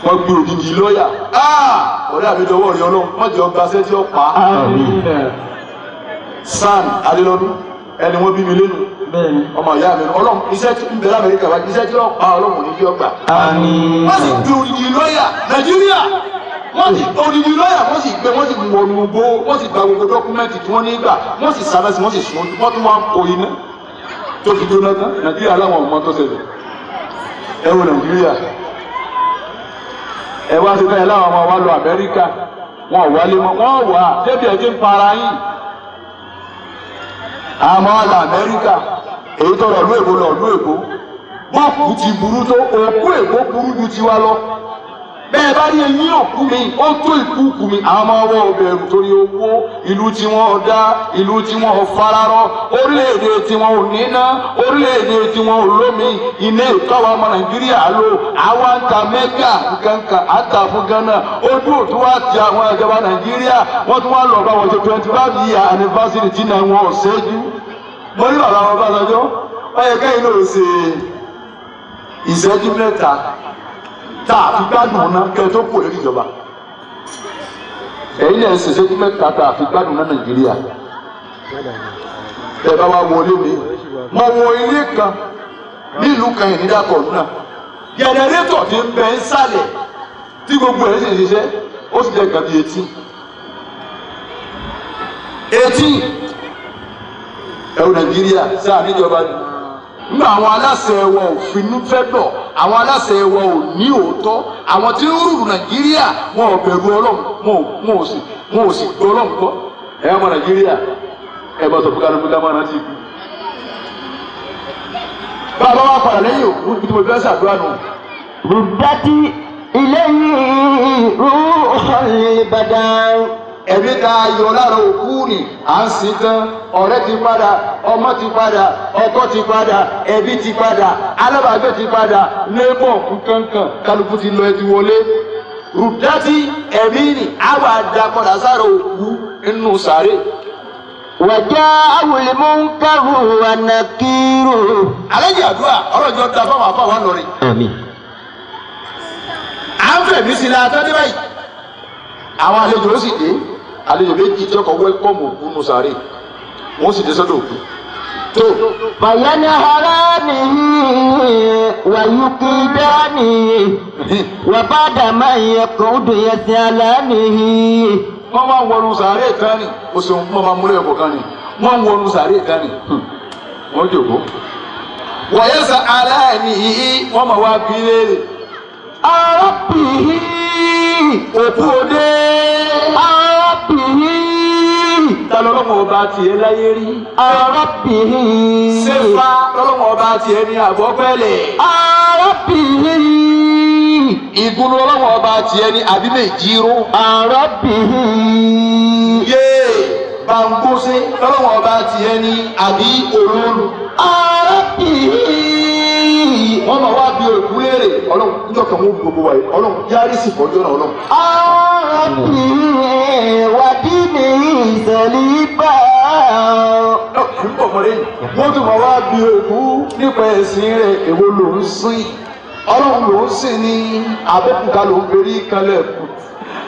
wọ́n gbé òkìkí lọ́ọ̀yà ah! ọ̀rẹ́ àbíjọ ọwọ́ rẹ̀ ọlọ́run mọ̀jẹ̀ ọgbà sẹ́jọ́ pa á sam adélọ́dún ẹni wọ́n bí mi lẹ́nu ọmọ ìyá mi ọlọ́run iṣẹ́ tí ń bẹ̀rẹ̀ amẹ́ríkà wa iṣẹ́ tí wọ́n pa ọlọ́run ní kí ọ gbà. wọ́n sì di odidi lọ́ọ̀yà nàìjíríà wọ́n sì odidi lọ́ọ̀yà wọ́n sì gbé wọ́n sì wọnú gbó wọ́n sì gba gbogbo dọ́kúmẹ́ntì tí wọ́n ní gbà wọ́n sì sábẹ́ sí wọ́n sì sùn wọ́n tún wọ́n kó iná tó fi dúró náà nàìjíríà láwọn ọmọ tó ṣẹlẹ̀ ẹ wo nàìjíríà ẹ wá sí bẹ́ẹ̀ láwọn ọmọ wa lọ amẹ́ríkà wọn ò wálé wọn wọ́n wà débi ẹ̀ ti ń para yín àmọ́ lamẹ́ríkà èyí tó lọ́ọ̀lú èkó lọ́ọ̀lú èkó bọ́ọ̀kù ti burú tó òkú èkó burú ju tiwa lọ. bẹ́ẹ̀ bá rí eyín òkú mi ó tó ìkú mi àwọn máa wọ torí owó ìlú tí wọ́n dá ìlú tí wọ́n fararọ́ orílẹ̀-èdè tí wọ́n ò níná orílẹ̀-èdè tí wọ́n ò lómi iná ìtọ́wọ́ ọmọ nàìjíríà lò àwa ń ta mẹ́kà kankan àtà fún gánà ojú òtún wá ti àwọn ìjọba nàìjíríà five year anniversary tí náà wọ́n ṣẹ́jú mo ní bàbá wọn bá tá a fi gbádùn ọ̀nà kí ẹ tó kú lórí ìjọba ẹ̀yin náà ń ṣe ṣẹ́jú mẹ́ta tá a fi gbádùn ọ̀nà nàìjíríà ẹ bá wa wọlé mi mo wọ ilé kan nílùú kan ìnídàkọ̀ lónà jẹnẹrétọ̀ ti ń bẹ ń sàlẹ̀ tí gbogbo ẹ̀ sì ń ṣiṣẹ́ ó sì jẹ́ gàdí etí etí ẹ̀rù nàìjíríà sáà níjọba ni nígbà àwọn aláṣẹ ẹwọ ò finú fẹ́ dọ̀ àwọn aláṣẹ ẹwọ ò ní òótọ́ àwọn tí ń rúrù nàìjíríà wọn ò bẹ̀rù ọlọ́run wọn ò sì wọn ò sì gbọ́ ọlọ́run gbọ́ ẹ ọmọ nàìjíríà ẹ bá sọ fún kálukú ká má rántí ikú. bá a padà lẹ́yìn òkú ibi tí mo fẹ́ ṣàdúrà nù. rúdátì ilé yìí rú ọ̀hún ìbàdàn ẹ̀mí tá a yọ lára òkú nì à ń sin tán ọ̀rẹ́ ti padà ọmọ ti padà ọkọ ti padà ẹbí ti padà alábàágbé ti padà lébọ̀ kankan kálukú ti lọ ẹ ti wọlé rùdátì ẹ̀mí nì á wà dá padà sára òkú nínú sàré. وجاءه المنكر والنكير alájì àdúrà ọ̀rọ̀ jọ da fáwọn afọ àwọn lọrin. àmín. à ń fẹ̀mí sí i la tọ́jú báyìí àwọn àlejò ló sì dé àlejò méjì tí ọkọ̀ wẹ́kọ̀mù òkú nù sàárè wọ́n sì dé sọ́dọ̀ òkú. tó bàyánì ara nìyí wàyúkú dání wàbádàmá yẹn kò dùn yẹn sí àlá nìyí. wọ́n máa ń wọnú sàárè kan ni o ṣeun wọ́n máa múlẹ̀ ẹ̀kọ́ kan ni wọ́n ń wọnú sàárè kan ni wọ́n jòkó. wọ̀nyẹ́sà aláìní yìí wọ́n máa wá bí léèrè. arábìnrin òkú òde arábìnrin talọ́lọ́mọ ọba tiẹ̀ láyé rí arábìnrin ṣẹ́fà lọ́lọ́mọ ọba tiẹ̀ ní àbọ̀pẹ̀lẹ̀ arábìnrin ìgúnú ọlọ́mọ ọba tiẹ̀ ní àbí méjì ró arábìnrin yéé bàǹkóṣe lọ́lọ́mọ ọba tiẹ̀ ní àbí olóòlù arábìnrin wọ́n máa wá bí òkú léèrè ọlọ́run níjọ́ kan mú gbogbo wa yìí ọlọ́run yáàrí sì kọjú ọ̀nà ọlọ́run. ọ̀rẹ́ wà dínì ìsẹ̀lẹ̀ bá. ọkùnrin pọ̀ mọ́lẹ́ yìí wọ́n tún máa wá bí òkú nípa ẹ̀sìn rẹ̀ èwo ló ń sìn ọlọ́run ló ń sìn ní abẹ́kúta ló ń ferí kanlẹ̀ kù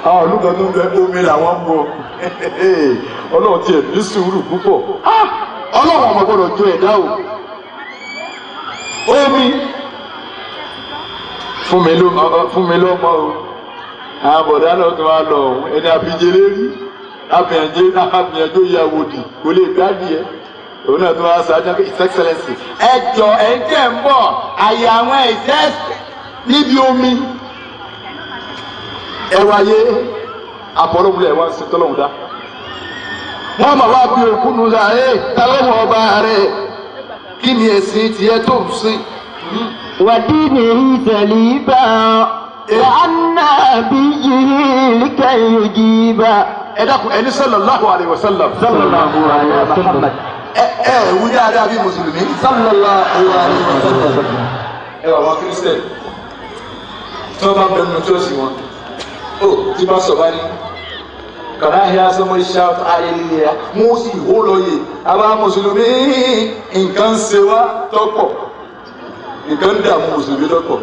àwọn olùkọ́ tó ń bẹ omi làwọn mú ọ ọlọ́run tiẹ̀ ní sùúrù púpọ̀ ọlọ́run ọmọ gbọ́dọ̀ jó ẹ̀dá o omi fún mi ló fún mi ló mọ o àwọn bọ̀dá náà tó máa lọ ọ̀hún ẹni àfijèrè rí àfihànjẹ àfihànjẹ ìyàwó dì kò lè gbádì ẹ òun náà tó máa sọ ajá his excellence ẹ jọ ẹ ń tẹ̀ ń bọ̀ àyè àwọn ẹ̀sẹ̀ níbi omi ẹ wáyé àbọ̀lọ́wulẹ̀ wọn sì tọ́lọ́wù dá wọ́n mọ̀ wá bí òkú nu ra ẹ ta ọba rẹ kí ni ẹ̀sìn tiẹ̀ tó ń sìn. ودينه سليبا لأن نبيه لكي يجيب ẹdákun ẹni sallallahu alayhi wa sallam. sallallahu alayhi wa sallam. ẹ ẹ wúni adé àbí mùsùlùmí. sallallahu alayhi wa sallam. ẹ wà wọn kírísítẹ̀n tí wọn bá ń bẹ nínú chọ́ọ̀sì wọn ó tí bá sọ báyìí kàrá ìyá sọmọdé ṣáàtú ayélujára mú sí ìhó lọ yìí àbá mùsùlùmí nǹkan ṣe wá tọ́pọ̀ nǹkan ń dààmú mùsùlùmí lọ́pọ̀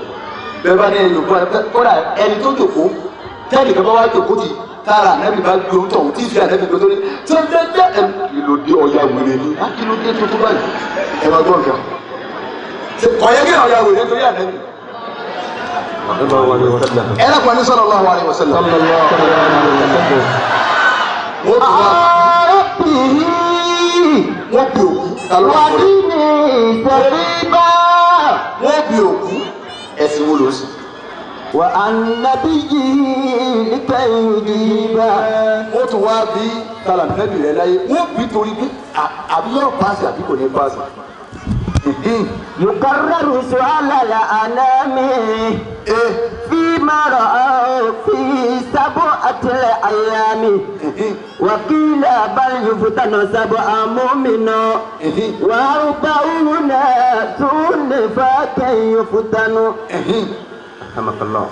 bẹ́ẹ̀ bá ní yorùbá kódà ẹni tó jòkó tẹ́lẹ̀ kí wọ́n wá jòkó ti tára ànábì bá gbé ohun tọ̀hún tí ìfẹ́ ànábì tó tóri tí ó dé dé ẹ̀ ìlòdì ọ̀yà wèrè ni á ah, kí ló dé tuntun báyìí ẹ̀ máa gbọ́ nǹkan ọ̀yẹ́ kí ọ̀yà wèrè torí ànábì. ẹ lọ́kùn ẹni sọ̀rọ̀ lọ́wọ́ àríwọ̀ sẹ́lẹ̀. wọ́n pè òkú wọ́n bí òkú ẹ̀sìn wo ló sì. wà á nàbí yìí nípa ìdìbà. wọ́n tún wá bí tàlàmì náà bìrẹ̀ láyé wọ́n bí torí pé àbí yóò pàṣẹ àbí kò ní pàṣẹ. يكرر سؤال الأنام فيما رأوا في سبعة الأيام وقيل بل يفتن سبع مؤمن وأربعون سنفاك يفتن رحمك الله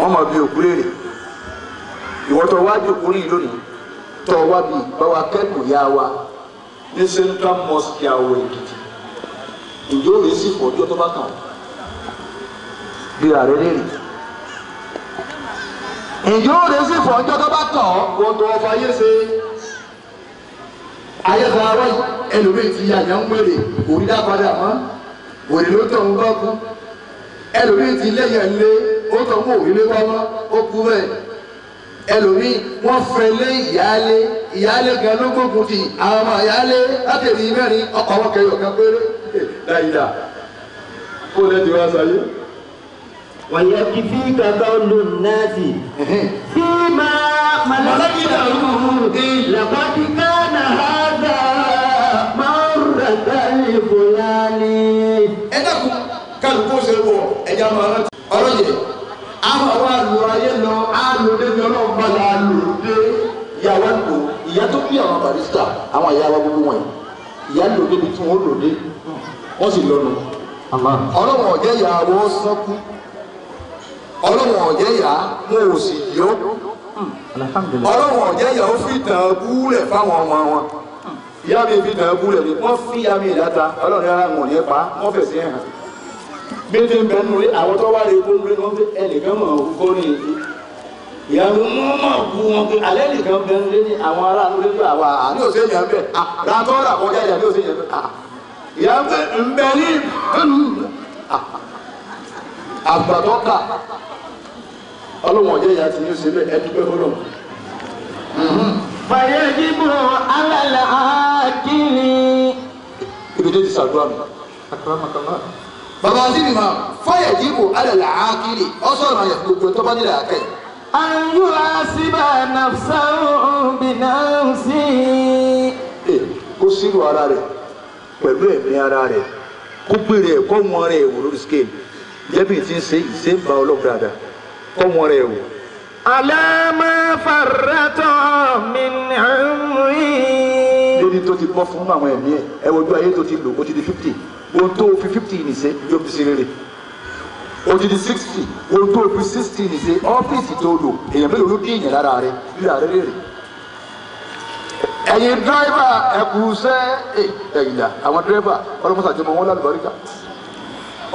wọ́n máa bí òkú léèrè ìwọ́tọ̀ wájú òkú lónìí tọ́ wá bí báwa kẹ́kọ̀ọ́ yá wa. ní central mosque àwọ̀ èkìtì ìjọ rẹ̀ sì pọ̀ ọjọ́ tó bá kàn bí ààrẹ lè rí ìjọ rẹ̀ sì pọ̀ ọjọ́ tó bá kàn wọ́n tó ọfọ ayé ṣe ayẹ́ta ara ẹlòmíì ti yà yàn ń wèrè orí dá padà mọ́ òrì ló tọ̀ ń bá kú ẹlòmíì ti lẹ́yìn ẹ̀ lé ó tọ̀ mọ́ òrì lé wá mọ́ ó kú bẹ́ẹ̀ ẹlòmíì wọ́n fẹ́ lé ìyáálé ìyáálé gan ló gbógun ti àwọn ọmọ ìyáálé látẹ̀lé mẹ́rin ọkọ̀ wọn kẹyọ kan péré dáìdá kó lẹ́tì wá sáyé. wàyẹ̀ kí fí kàkà náà sì. sísítà àwọn ìyá wa gbogbo wọn ìyá lò débi tí wọn lò dé wọn sì lọnu ọlọ́wọ̀n ọ̀jẹ̀ ìyá wọn sọ́kú ọlọ́wọ̀n ọ̀jẹ̀ ìyá wọn ò sì yọ ọlọ́wọ̀n ọ̀jẹ̀ ìyá wọn fi tàn án búlẹ̀ fáwọn ọmọ wọn ìyá mi fi tàn án búlẹ̀ ni wọ́n fi ìyá mi ìdáta ọlọ́run yàrá wọn ò pa wọ́n fẹ̀ sí ẹ̀hàn bí ti ń bẹ́ẹ̀ nù àwọn tó wá lè kó ń gbé wọn ẹnìkan mọ̀ ìyàwó wọn máa bu wọn pé alẹ́ nìkan bẹ ń lé ní àwọn ará lórí pé àwa àní ò séyàn bẹ àtọ́ rà kọjá ìyàwó ò séyàn bẹ ìyàwó pé ń bẹ ní ah. àgbàtọ́ kà ọlọ́wọ́n ọjọ́ ìyá ti ní ó ṣe bẹ́ẹ̀ ẹ dúpẹ́ fọlọ́. Mhm. fàyè dìbò alàlà àkìlì. ibi tó ti sàdúrà mi. bàbá àti ìmọ̀ fàyè dìbò alàlà àkìlì ọ̀sán ọ̀nà gbogbo tó nílẹ̀ àkẹ́yìn an yuhasiba nafsahu bi nafsi. kó sírò ara rẹ̀ pẹ̀lú ẹ̀mí ara rẹ̀ kó gbé rẹ̀ kó wọn rẹ̀ wò lórí scale jẹ́bi ti ń ṣe ìṣe ọlọ́run dáadáa kó wọn rẹ̀ wò. alama farratọ min amri. lórí tó ti bọ́ fún àwọn ẹ̀mí ẹ̀ ẹ̀ wojú ayé tó ti lò ó ti di fifty ohun tó fi fifty nìṣe yóò fi sí rere odidi sixty ohun tó o fi sixteen ṣe ọ́fíìsì tó lò èèyàn mélòó ló kíyàn lára rẹ rírà rẹ rèrè ẹ̀yin dírẹ́fà ẹ̀kúṣẹ́ ẹ̀yìnlá àwọn dírẹ́fà ọlọ́mọṣàjọmọ wọn lálùbáríkà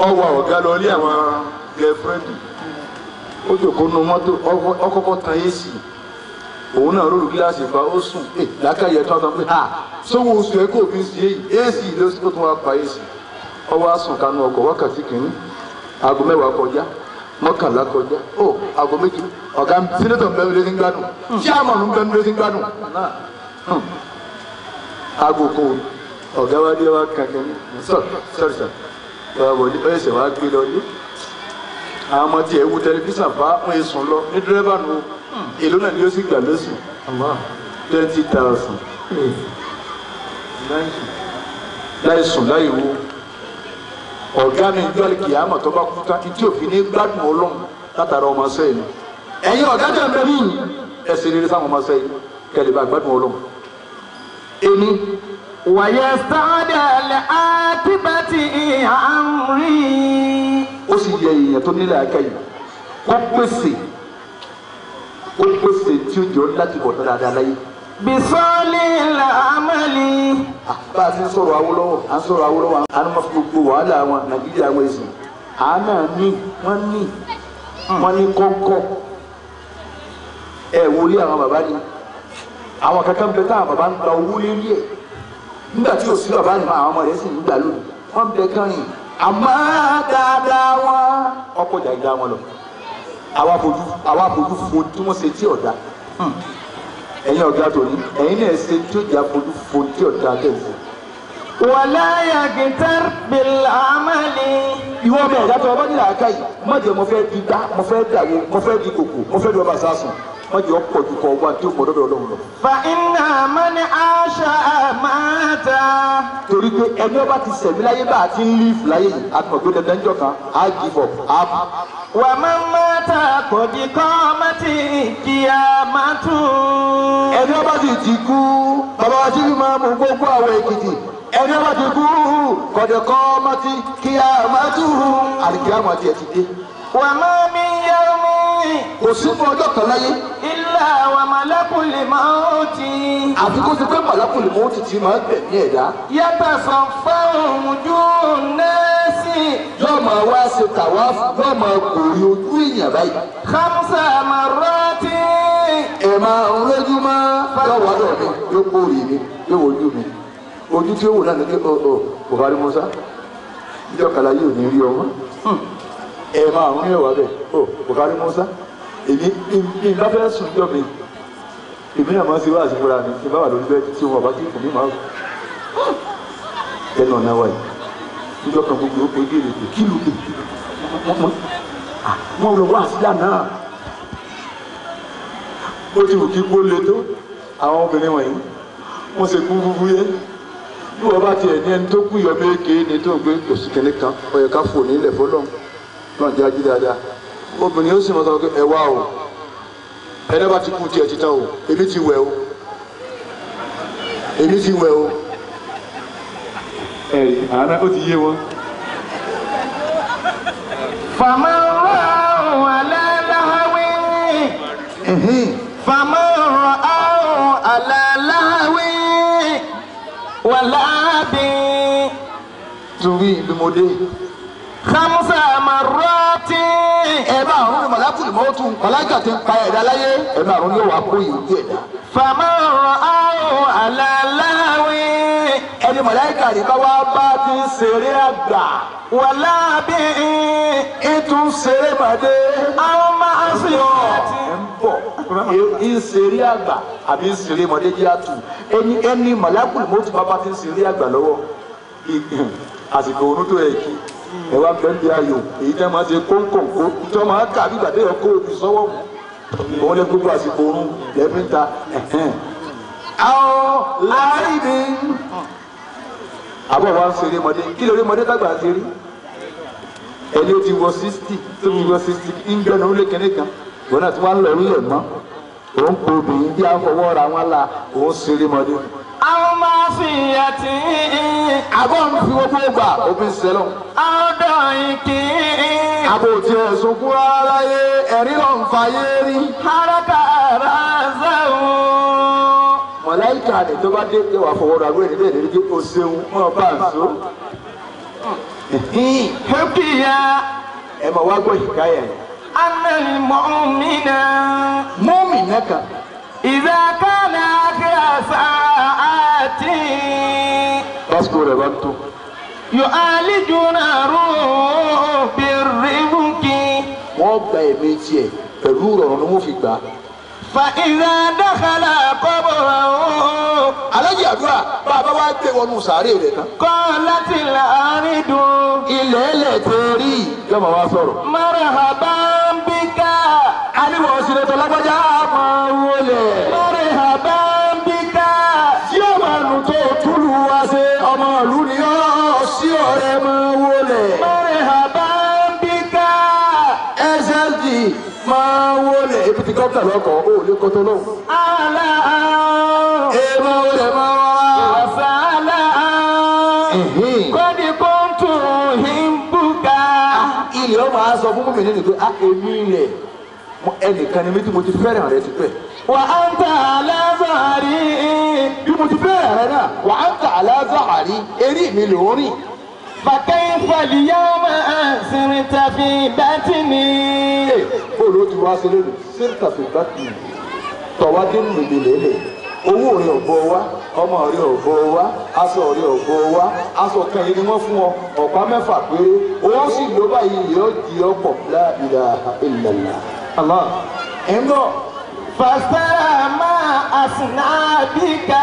ọwọ́ ọ̀gá lọ ní àwọn gẹ̀ẹ́fúrẹ́ndì ó jòkó nu mọ́tò ọkọ̀kọ̀ tan yé sí òun náà lóru gíláàsì fa ó sùn ẹ lákàyè ẹ tó pé ha sówó oṣù ẹ kò fi ń ṣe èyí èsì ló tún wá pa èsì ọwọ́ àsùnkánú ọkọ̀ wákàtí kìíní aago mẹ́wàá kọjá mọ́kànlá kọjá ó oh, aago méjì ọ̀gá sínétọ̀ ń bẹ mi létí ń gbádùn chairman ń bẹ mi létí ń gbádùn aago kò ọ̀gá wa dé wa kankan sọ̀rọ̀ sọ̀rọ̀ sọ̀rọ̀ wàá wọlé ó yẹ sẹ̀ wá gbé lọ ní àwọn ọmọ tí ẹ wú tẹlifíṣàn bá wọn yé sùn lọ ní dírẹ́bà nù èló náà ni yóò sì gbà lóṣù twenty thousand hmm. láì sùn láì wú ọ̀gá mi jọ́lì kìámọ̀ tó bá kú tán tí òfin ní gbádùn ọlọ́run látara ọmọ sẹ́yìn ẹ̀yin ọ̀gá tẹ̀ ń bẹ mí ẹ̀sìn rere sáwọn ọmọ sẹ́yìn kẹlẹ̀ bá gbádùn ọlọ́run. èmi. wàyẹ sádẹ̀lẹ̀ àtibẹ́tì àmì. ó sì yẹ èèyàn tó nílẹ̀ aka yìí kó pèsè kó pèsè tí ó jọ láti bọ̀ dáadáa láyé bisọ́ọ̀lì làmàlì. Ah, bá a ti ń sọ̀rọ̀ Awólọ́wọ̀ à ń sọ̀rọ̀ Awólọ́wọ̀ à ń mọ gbogbo wàhálà wọn Nàìjíríà wọn èsì àánà ní wọ́n ní wọ́n ní kọ́ńkọ́ ẹ̀ wọlé àwọn bàbá ni àwọn kankan bẹ táwọn bàbá ń gba owó lérí ẹ̀ nígbà tí òsì bàbá nìkan àwọn ọmọ rẹ̀ sì ń gbà lónìí wọ́n bẹ kẹrin àmọ́ dáadáa wọn ọkọ̀ jà ìdá wọn lọ àwa fojú àwa fojú fún tí wọ́n ṣe tí ọ̀dà ẹ̀yin ọ̀gá tòní ẹ̀yin náà ṣe tó jà fojú fojú ọ̀dà tẹ̀sí. wàlá yàgìtàr bìlà àmàlì. ìwọ ọmọ ẹ̀dá tó ọba nílà àkàyè má jẹ́ mo fẹ́ di gbá mo fẹ́ dàgbé mo fẹ́ di kòkò mo fẹ́ di ọba sásùn má jẹ́ ọ̀pọ̀ ju kọ wá tí ó mọ̀ lọ́dọ̀ ọlọ́run lọ. fa iná mọ́ni aṣa máa torí pé ẹni ọba ti sẹ̀mí láyé bá a ti ń líf láyé yìí àtọ̀gbẹ́ dandan jọ kan á give up á. wà á máa má ta kò di kọ́ má ti kí a má tù. ẹni ọba ti ti kú bàbá wa ti fi máa mú gbogbo àwọn èkìtì ẹni ọba ti kú kọ̀dẹ̀ kọ́ má ti kí a má tù. àlìkí àwọn àti ẹ̀ ti dé. wà á má mi yá mi kò sí fún ọjọ́ kan láyé. ilà wà màlákùlì máa ń ti. àfi kó ti pé màlákùlì máa ń ti ti máa ń gbẹ̀mí ẹ̀dá. yàtọ̀ sàn fáwọn ojú nẹ́ẹ̀sì. yóò máa wá ṣe tàwa yóò máa gòrí ojú èèyàn báyìí. hamsa marati. ẹ máa ń rẹ́jú máa. yóò wá dọ̀ mí yóò kórè mi yóò wojú mi ojú tí ó wò náà ní ọ ọ Buhari Musa ìjọkàlà yóò ní rí ọmọ. Hmm ẹ máa àwọn mẹ́wàá bẹ̀ ọ bùkárí musa èmi ìgbà fẹ́ sùn jọ mi èmi náà máa ń ṣe wáàsí fúnra mi ìbá wà lórí bẹ́ẹ̀ tí wọn bá ti fún mi máa ẹnu ọ̀nà wa yìí níjọ́ kan gbogbo ojú èrè pé kí ló dé wọn lọ ah, wáàsí lánàá ó ti wù kí gbólé tó àwọn obìnrin wọ̀nyí wọ́n ṣe kú fúfú yẹ bí wọ́n bá tiẹ̀ ní ẹni tó kú yọ méje ni tó gbé oṣù kìnnìkan ọ̀yẹ̀ká fò nílẹ̀ fọlọ́run lọ́nà tí a jí dáadáa obìnrin ó sì mọ̀ sọ pé ẹ o ẹni bá ti kú tiẹ̀ ti o èmi ti wẹ̀ o èmi ti wẹ̀ o. ẹ̀rì àná ó ti yé wọn. fàmà rọ àwọn aláàláwí fàmà rọ àwọn aláàláwí wàlábì. torí ìbímọdé khamsa marrati ẹ̀bá àrùn ní mọ̀láfùlù mọ́tò mọ̀láìkà ti ń pa ẹ̀dá láyé ẹ̀bá àrùn yóò wá kó ìyókù ẹ̀dá. fàmà rọ àrùn àlàláwí. ẹni mọ̀láìkà rí bá wá bá ti ṣeré àgbà. wàlá bí ìtún ṣeré màdé àwọn máa ń sìn ọ́. ẹ̀ ń àbí ń ṣeré mọ́dé jẹ́ ẹni ẹni mọ̀láfùlù mọ́tò bá ti ń ṣeré lọ́wọ́ àsìkò orúdó ẹ̀ ẹ wá gbẹ́ndé ayò èyí tẹ́ máa ṣe kóńkóńkó tí wọ́n máa kà bígbà tẹ́yọ̀ kó omi sọ́wọ́ mu òun lè gbogbo àsìkò oorun lẹ́mí ta àwọn láàrin mi àbọ̀ wa ń ṣeré mọ́dé kí lóore mọ́dé tágbà ń ṣeré ẹni ó ti wọ sixty tó ti wọ sixty ń gbẹ́nu ó lé náà ti wá ń lọ ń lẹ̀ mọ́ òun kò obìnrin bí afọwọ́ ra wọn la òun ṣeré mọ́lẹ́. àwọn máa fi ìyá tí. àbọ̀ ń fi gbogbo gbà omi sẹ́lọ̀. àwọn dọ̀yìn àbò tí ẹ̀ sunkún rárá yé ẹ̀rí lọ́n fa yé rí. haraka ara sẹ́wọ̀n. mọ̀láyìká ni tó bá dé ẹ wà fọwọ́ ra wẹ́rẹ́ lẹ́yìn lórí pé o ṣeun mọ́ bá a so. ó kì í ya. ẹ mọ̀ wá gbọ́ ìkáyà yẹn anna mu'mina mu'mina ka idza kana akhira sa'ati basku da bantu yu'alijuna ruhu birrifki wọ́n gba ẹ̀mí tiẹ̀ pẹ̀lú ìrọ̀rùn ni wọ́n fi gbà á fa ìlà dákàlà kọ́bọ̀ ọ̀hún. alájí àdúrà bá a bá wá gbé wọnú sàárè rẹ̀ tán. kọ́ láti láàrin dùn. ilẹ̀ ẹlẹ̀ torí. yọmọ wa sọ̀rọ̀. mara ha bá ń bí ká. a ní wọ́n sílẹ̀ tó lágbájá. máa wọlé. mara ha bá ń bí ká. yọmọ àlù tó túlù wá sí ọmọ ìlú ni máa wọlé ebi ti kọ́pítà lọ́kọ̀ ó lè kótó lóhùn. àlà àwọn. èèmọ̀ wọlé máa wá. ọ̀sà àlà kọ́ni kó ń ilé ọmọ aṣọ fún mi nínú pé a ah, èmi ẹnìkan ni mi mo ti fẹ́ràn rẹ ti pẹ́. wà á ń tà aláàzọ̀ bí mo ti fẹ́ràn rẹ náà wà á ń tà aláàzọ̀ àrí mi lòún fàkẹ́yìnfà lìyá ọmọ àṣírí tàbí bàtì ni. bóòlù ó ti wá sí lónìí sírí tàbí bàtì tọ̀wádé lùlù lélẹ̀ owó rẹ̀ ò bọ̀ wá ọmọ rẹ̀ ò bọ̀ wá aṣọ rẹ̀ ò bọ̀ wá aṣọ kan yìí ni wọ́n fún ọ ọ̀pá mẹ́fà péré owó sì ló báyìí yóò di ọ̀pọ̀ láàbìlà ìlànà. ẹ̀ ń bọ̀ fàṣẹ́rà máa àsìnà bíkà.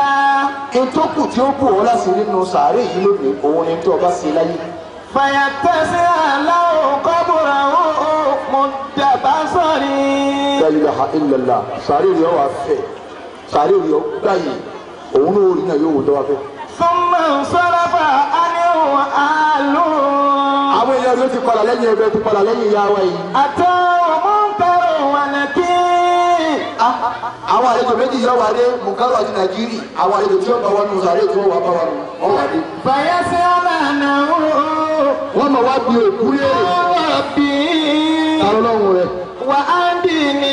ìtókù tí ó kù ọ́ láti nínú sàárè yìí lónìí òun ni tó o bá ṣe láyé. fàyàtẹ́sí aláwọ̀ kọ́bùrà ó mo dàbá sọ̀rí. la ilaha illallah sàárè rí ọ wá fẹ́ sàárè rí ọ gbáyé òun ló rí náà yóò wò tó wá súnmọ́ sọ́lọ́fà á ní àwọn èèyàn ló ti padà lẹ́yìn ẹgbẹ́ ti padà lẹ́yìn ìyá wa yìí. àtàwọn mú ń tẹ̀rù lẹ́kìn. Ah, àwọn àlejò méjì yọ wà dé mùkálù àti nàìjíríì àwọn àlejò tí wọn bá wọn nù sàré tí wọn wà bá wọn wọn wà dé. bàyá sí ọmọ àná o. wọn mọ wá bí òkú rẹ. wọn wà bí. kálọ́ lọ́hùn rẹ. wà á bì ní.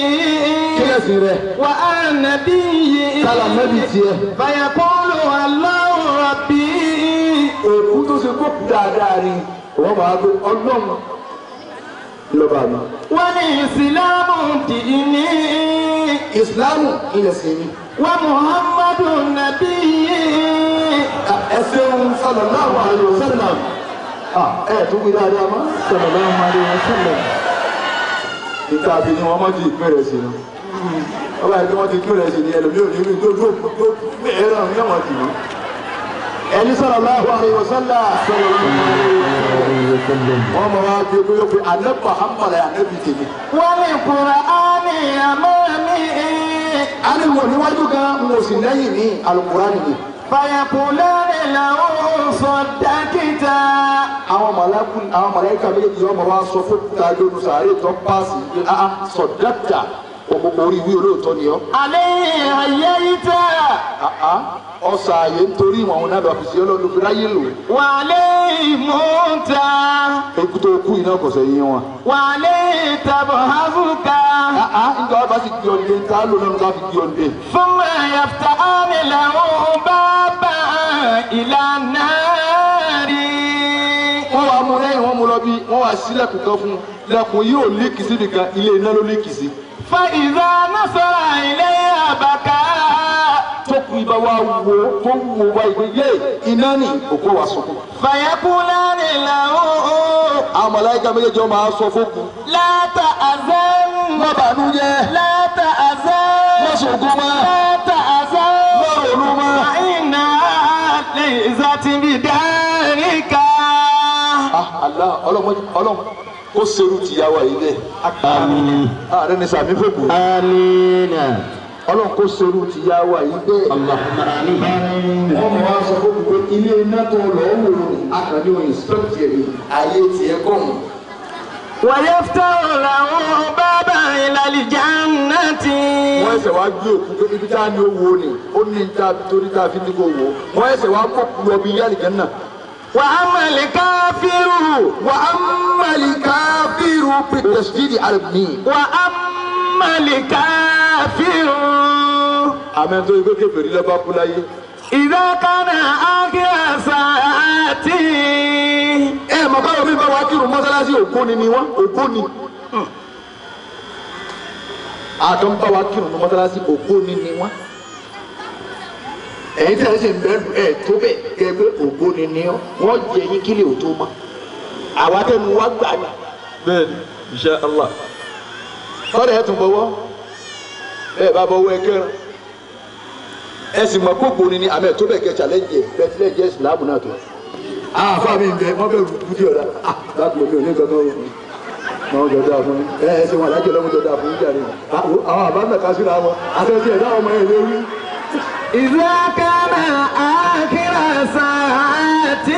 kílẹ̀sì rẹ. wà á nàbí yìí. sálà nàbí tiẹ̀. bàyá kọ́lù aláwọ̀ bí. òkú tó ṣe kó dáadáa ni wọ́n máa gbé ọlọ́run lọ́ba mi. wọ́n ní ìsìlámù dì í ní. ìsìlámù ilẹ̀ sí mi. wa muhammadu nabi. ẹ ṣeun sallallahu alaihi wasallam ẹ tún wí dáadáa mọ́ sallallahu alaihi wasallam. ìta àbí ni wọ́n mọ́ di ìpẹ́rẹ́ sí i ọba yìí tí wọ́n ti kí rẹ̀ sí ni ẹlòmíràn ní ojú ojú ẹ̀rọ ní ọ̀wọ́n tì mọ́ ẹni sallallahu alaihi wasallam wọ́n mọ̀ wá bí omi yóò fi alẹ́ Muhammad anabi tèmi. wọ́n ní Kùránì àmọ́ mi. a ní wọ̀ níwájú kan n ò sì lẹ́yìn ní Al-Kùránì ah, ni. làwọn ah, sọ dákítà. àwọn màláìka méjèèjì yóò mọ̀ wá sọ fún tàdé olùsàárè tó paasi sọ dákítà orí wí olóòótọ́ ni ọ́. alẹ́ ayé yìí tẹ́. ọ̀sà àyè nítorí ìwọ̀n òun náà lọ fi sí ọlọ́run fi ráyè lò. wàlẹ́ ìmúta. eku tó kú iná kọ̀sẹ̀ yín wọn. wàlẹ́ ìtàbọ̀ hafuka. nígbà wọn bá sì gbé ọdẹ níta ló náà níta fi gbé ọdẹ. fún ẹ̀yàfẹ́ àmì làwọn bá bá ìlànà rí. wọ́n wá mú lẹ́yìn wọ́n mú lọ bí wọ́n wá sí lẹ́kùn kan fún un lẹ́kùn yìí ò líkì sí nìkan ilé iná ló líkì sí fàìzà nasara ilé àbàkà tó kù ibà wa wo tó wo wa ìgbéyé iná ni òkú wa sọ. fàyẹkùnlá ni làwọn o. àwọn mọ̀láyíká méjèèjì ọmọ àwọn sọ fún kù. látà àzẹ́ ń. má bànújẹ́. látà àzẹ́. má sọ̀gùn mọ́. látà àzẹ́. má ronú mọ́. àyìnà lè zàtìmí dáríkà. Allah ọlọ́mọ ọlọ́mọ kó serú tìyàwó yìí dẹ. àmín. ààrẹ ní sàmì fòkù. àmín. ọlọ́run kó serú tìyàwó yìí dẹ. ọmọ wa sọ fún mi pé ilé iná tó lọ wò ló akànní òyìn sọ́ọ̀tì ẹ̀mí ayé tiẹ̀ kọ̀ mọ́. wàyẹ́fẹ́ làwọn bábà ìlàlìjà náà ti. wọ́n ẹsẹ̀ wá gbé òkú tó ibi tá a ní owó ni ó ní níta torí tá a fi ní kó wò wọ́n ẹsẹ̀ wá kó kú ọbí yálì jẹ́ náà. وأما الكافر وأما الكافر بالتشديد على الميم وأما الكافر أما أنتم يقول كيف يريد بابولاي إذا كان آخر ساعتي ẹ mọ báwo mi bá wa kírun mọ́sálásí ògbóni ni wọ́n ògbóni àtọ́ ń bá wa kírun mọ́sálásí ògbóni ni wọ́n ẹ̀yin tí a ṣe mẹ́rin ẹ̀ tó bẹ́ẹ̀ kẹ́ pé ògbó ni ni wọ́n jẹ yín kí lè ò tó mọ́ àwa tẹnu wá gbà ní. bẹ́ẹ̀ni insha Allah. sọ́dọ̀ ẹ̀ tún bọ̀wọ́ ẹ̀ bá bọ̀wọ́ ẹ kẹ́ran ẹ sì mọ̀ kó gbóni ni àmì ẹ̀ tó bẹ́ẹ̀ kẹ́ challenge ẹ̀ bẹ́ẹ̀ tilẹ̀ jẹ́ ìsìlámù náà tó. Ah, àfa mi bẹ wọn bẹ rú kúti ọ̀la ah, bákan mi ò ní kankan o àwọn jọ dáa fún ẹ ẹ ṣe wọn alájọ lọ́mú jọ dáa fún jàre ah, àwọn àbá nàkásí làwọn àtẹ̀sí ẹ̀ dáhùn ọmọ ẹ̀ lórí. إذا كان آخر ساعاتي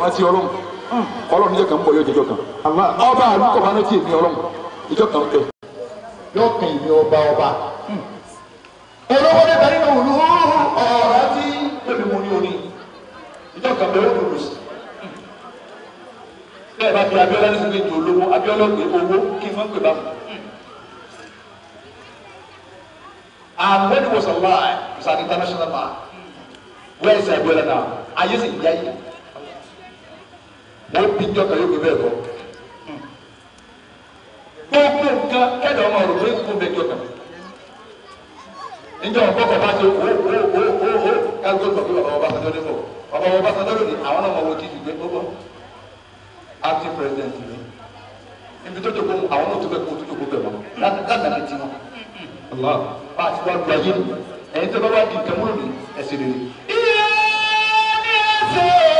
rántí ọlọ́run hmm. ọlọ́run níjọ́ kan ń bọ̀ yóò jẹjọ́ kan ọba àlùkò máa rántí èmi ọlọ́run ìjọ kan tẹ. yóò pè mí ọba ọba. Hmm. olówó dé tani ló wù ọ̀rọ̀ tí èmi mú ní oní ìjọ kan bẹ̀rẹ̀ òkú sí. bẹ́ẹ̀ bá fi Abíọ́lá ní sẹ́yìn tó lówó Abíọ́lá pé owó kí n má pè bá fún. Hmm. And when it was alive, it was an international man. Where is Abiola now? Are you saying, yeah, wọ́n bí ń jọ́ka yóò fi bẹ́ẹ̀ kọ́ gbogbo nǹkan kẹ́dọ̀ ọmọ rògbò ní gbogbo bẹ́ẹ̀ jọ́ka níjọ́ ọ̀pọ̀ bàbá tó o o o o o kálukó gbọ̀ pé bàbá Ọbásanjọ́ dé bọ̀ bàbá Ọbásanjọ́ lónìí àwọn ọmọ wo ti ti gbé gbogbo acting president ni ibi tó jókòó àwọn náà tó bẹ kó tó jókòó bẹ mọ lánàá ti wọn ọlọ bá a ti wá gba yé ẹni tó bá wá di nǹkan múlò ní ẹsẹ̀ rere. ìyá ẹsẹ̀.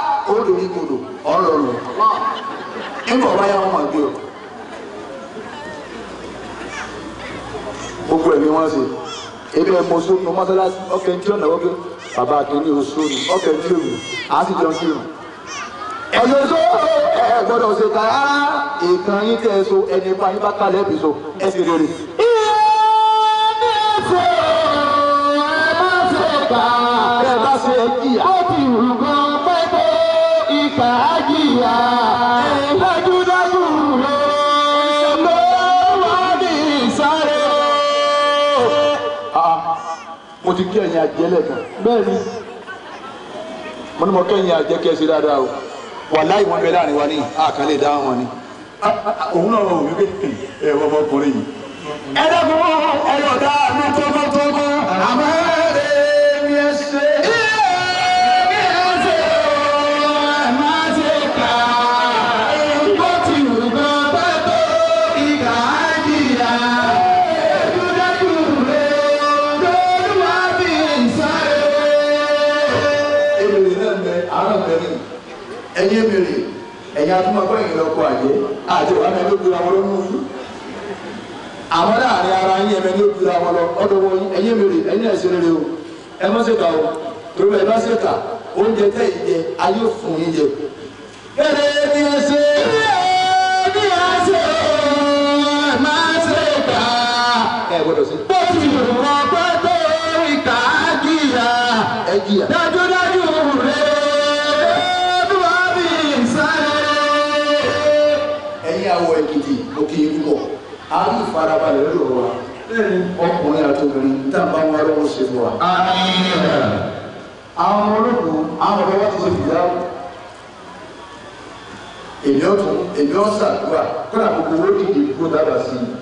ó dorí kodò ọ̀rọ̀ rẹ̀ nígbà báyà wọn gbé o. gbogbo ẹ̀mí wọn ṣe ebi ẹ̀ mọ sóònù mọ́sálásí ọkẹ́ ní ọ̀nà ọ̀gbẹ́ bàbá àtúndì òṣòònù ọkẹ́ ní òwú àti jọ sí òun. ẹ̀yọ́ sọ ẹ̀ gbọ́dọ̀ ṣe ta rárá ìkànnì tẹ̀ so ẹni bá yín bá kalẹ̀ bí so ẹ̀ sì mo ti kí ẹ̀yin àjẹ́ lẹ́ẹ̀kan bẹ́ẹ̀ ni mo ní mo kí ẹ̀yin àjẹ́ kẹ́ ẹ ṣe dáadáa o wàláì wọn bẹ láàrin wa ní àkàlẹ̀ dá wọn ni. òun náà wọ̀ wípé ẹ̀ ọmọkùnrin yìí. ẹ dẹ́kun ẹ̀yọ̀ dáa ní tókótókó àmọ́. ẹ̀yin atúmọ̀ pé ẹ̀yin lọ́kọ àjẹ́ àti wàá mẹ́rin ló gbé àwọn lọ́nù yín àwọn láàrin ara yín ẹ̀mẹ́ ló gbé àwọn lọ ọ̀dọ̀ wọn ẹ̀yin mèrè ẹ̀yin ẹ̀sìn rere o ẹ má ṣèkà o torí ẹ bá ṣèkà oúnjẹ tẹ́ ìjẹ ayé fún yín jẹ. bẹ́ẹ̀ ni ẹ ṣe bí a ṣe máa ṣe kà ẹ gbọ́dọ̀ sí. bó ti rọ̀ pẹ́ tó ìkà á jìyà ẹ jìyà. dájú wọ èkìtì òkè ìrúbọ a ń farabalẹ̀ lọ́dọ̀ wa ọkùnrin àtòkùnrin tá a bá wọn lọ́wọ́ ṣe fún wa. àwọn olóògùn àwọn ọlọ́wọ́ ti ṣe fìlà èmi ọ̀tún èmi ọ̀sàdúrà kọ́nà gbogbo owó dìde kó dábàá sí i.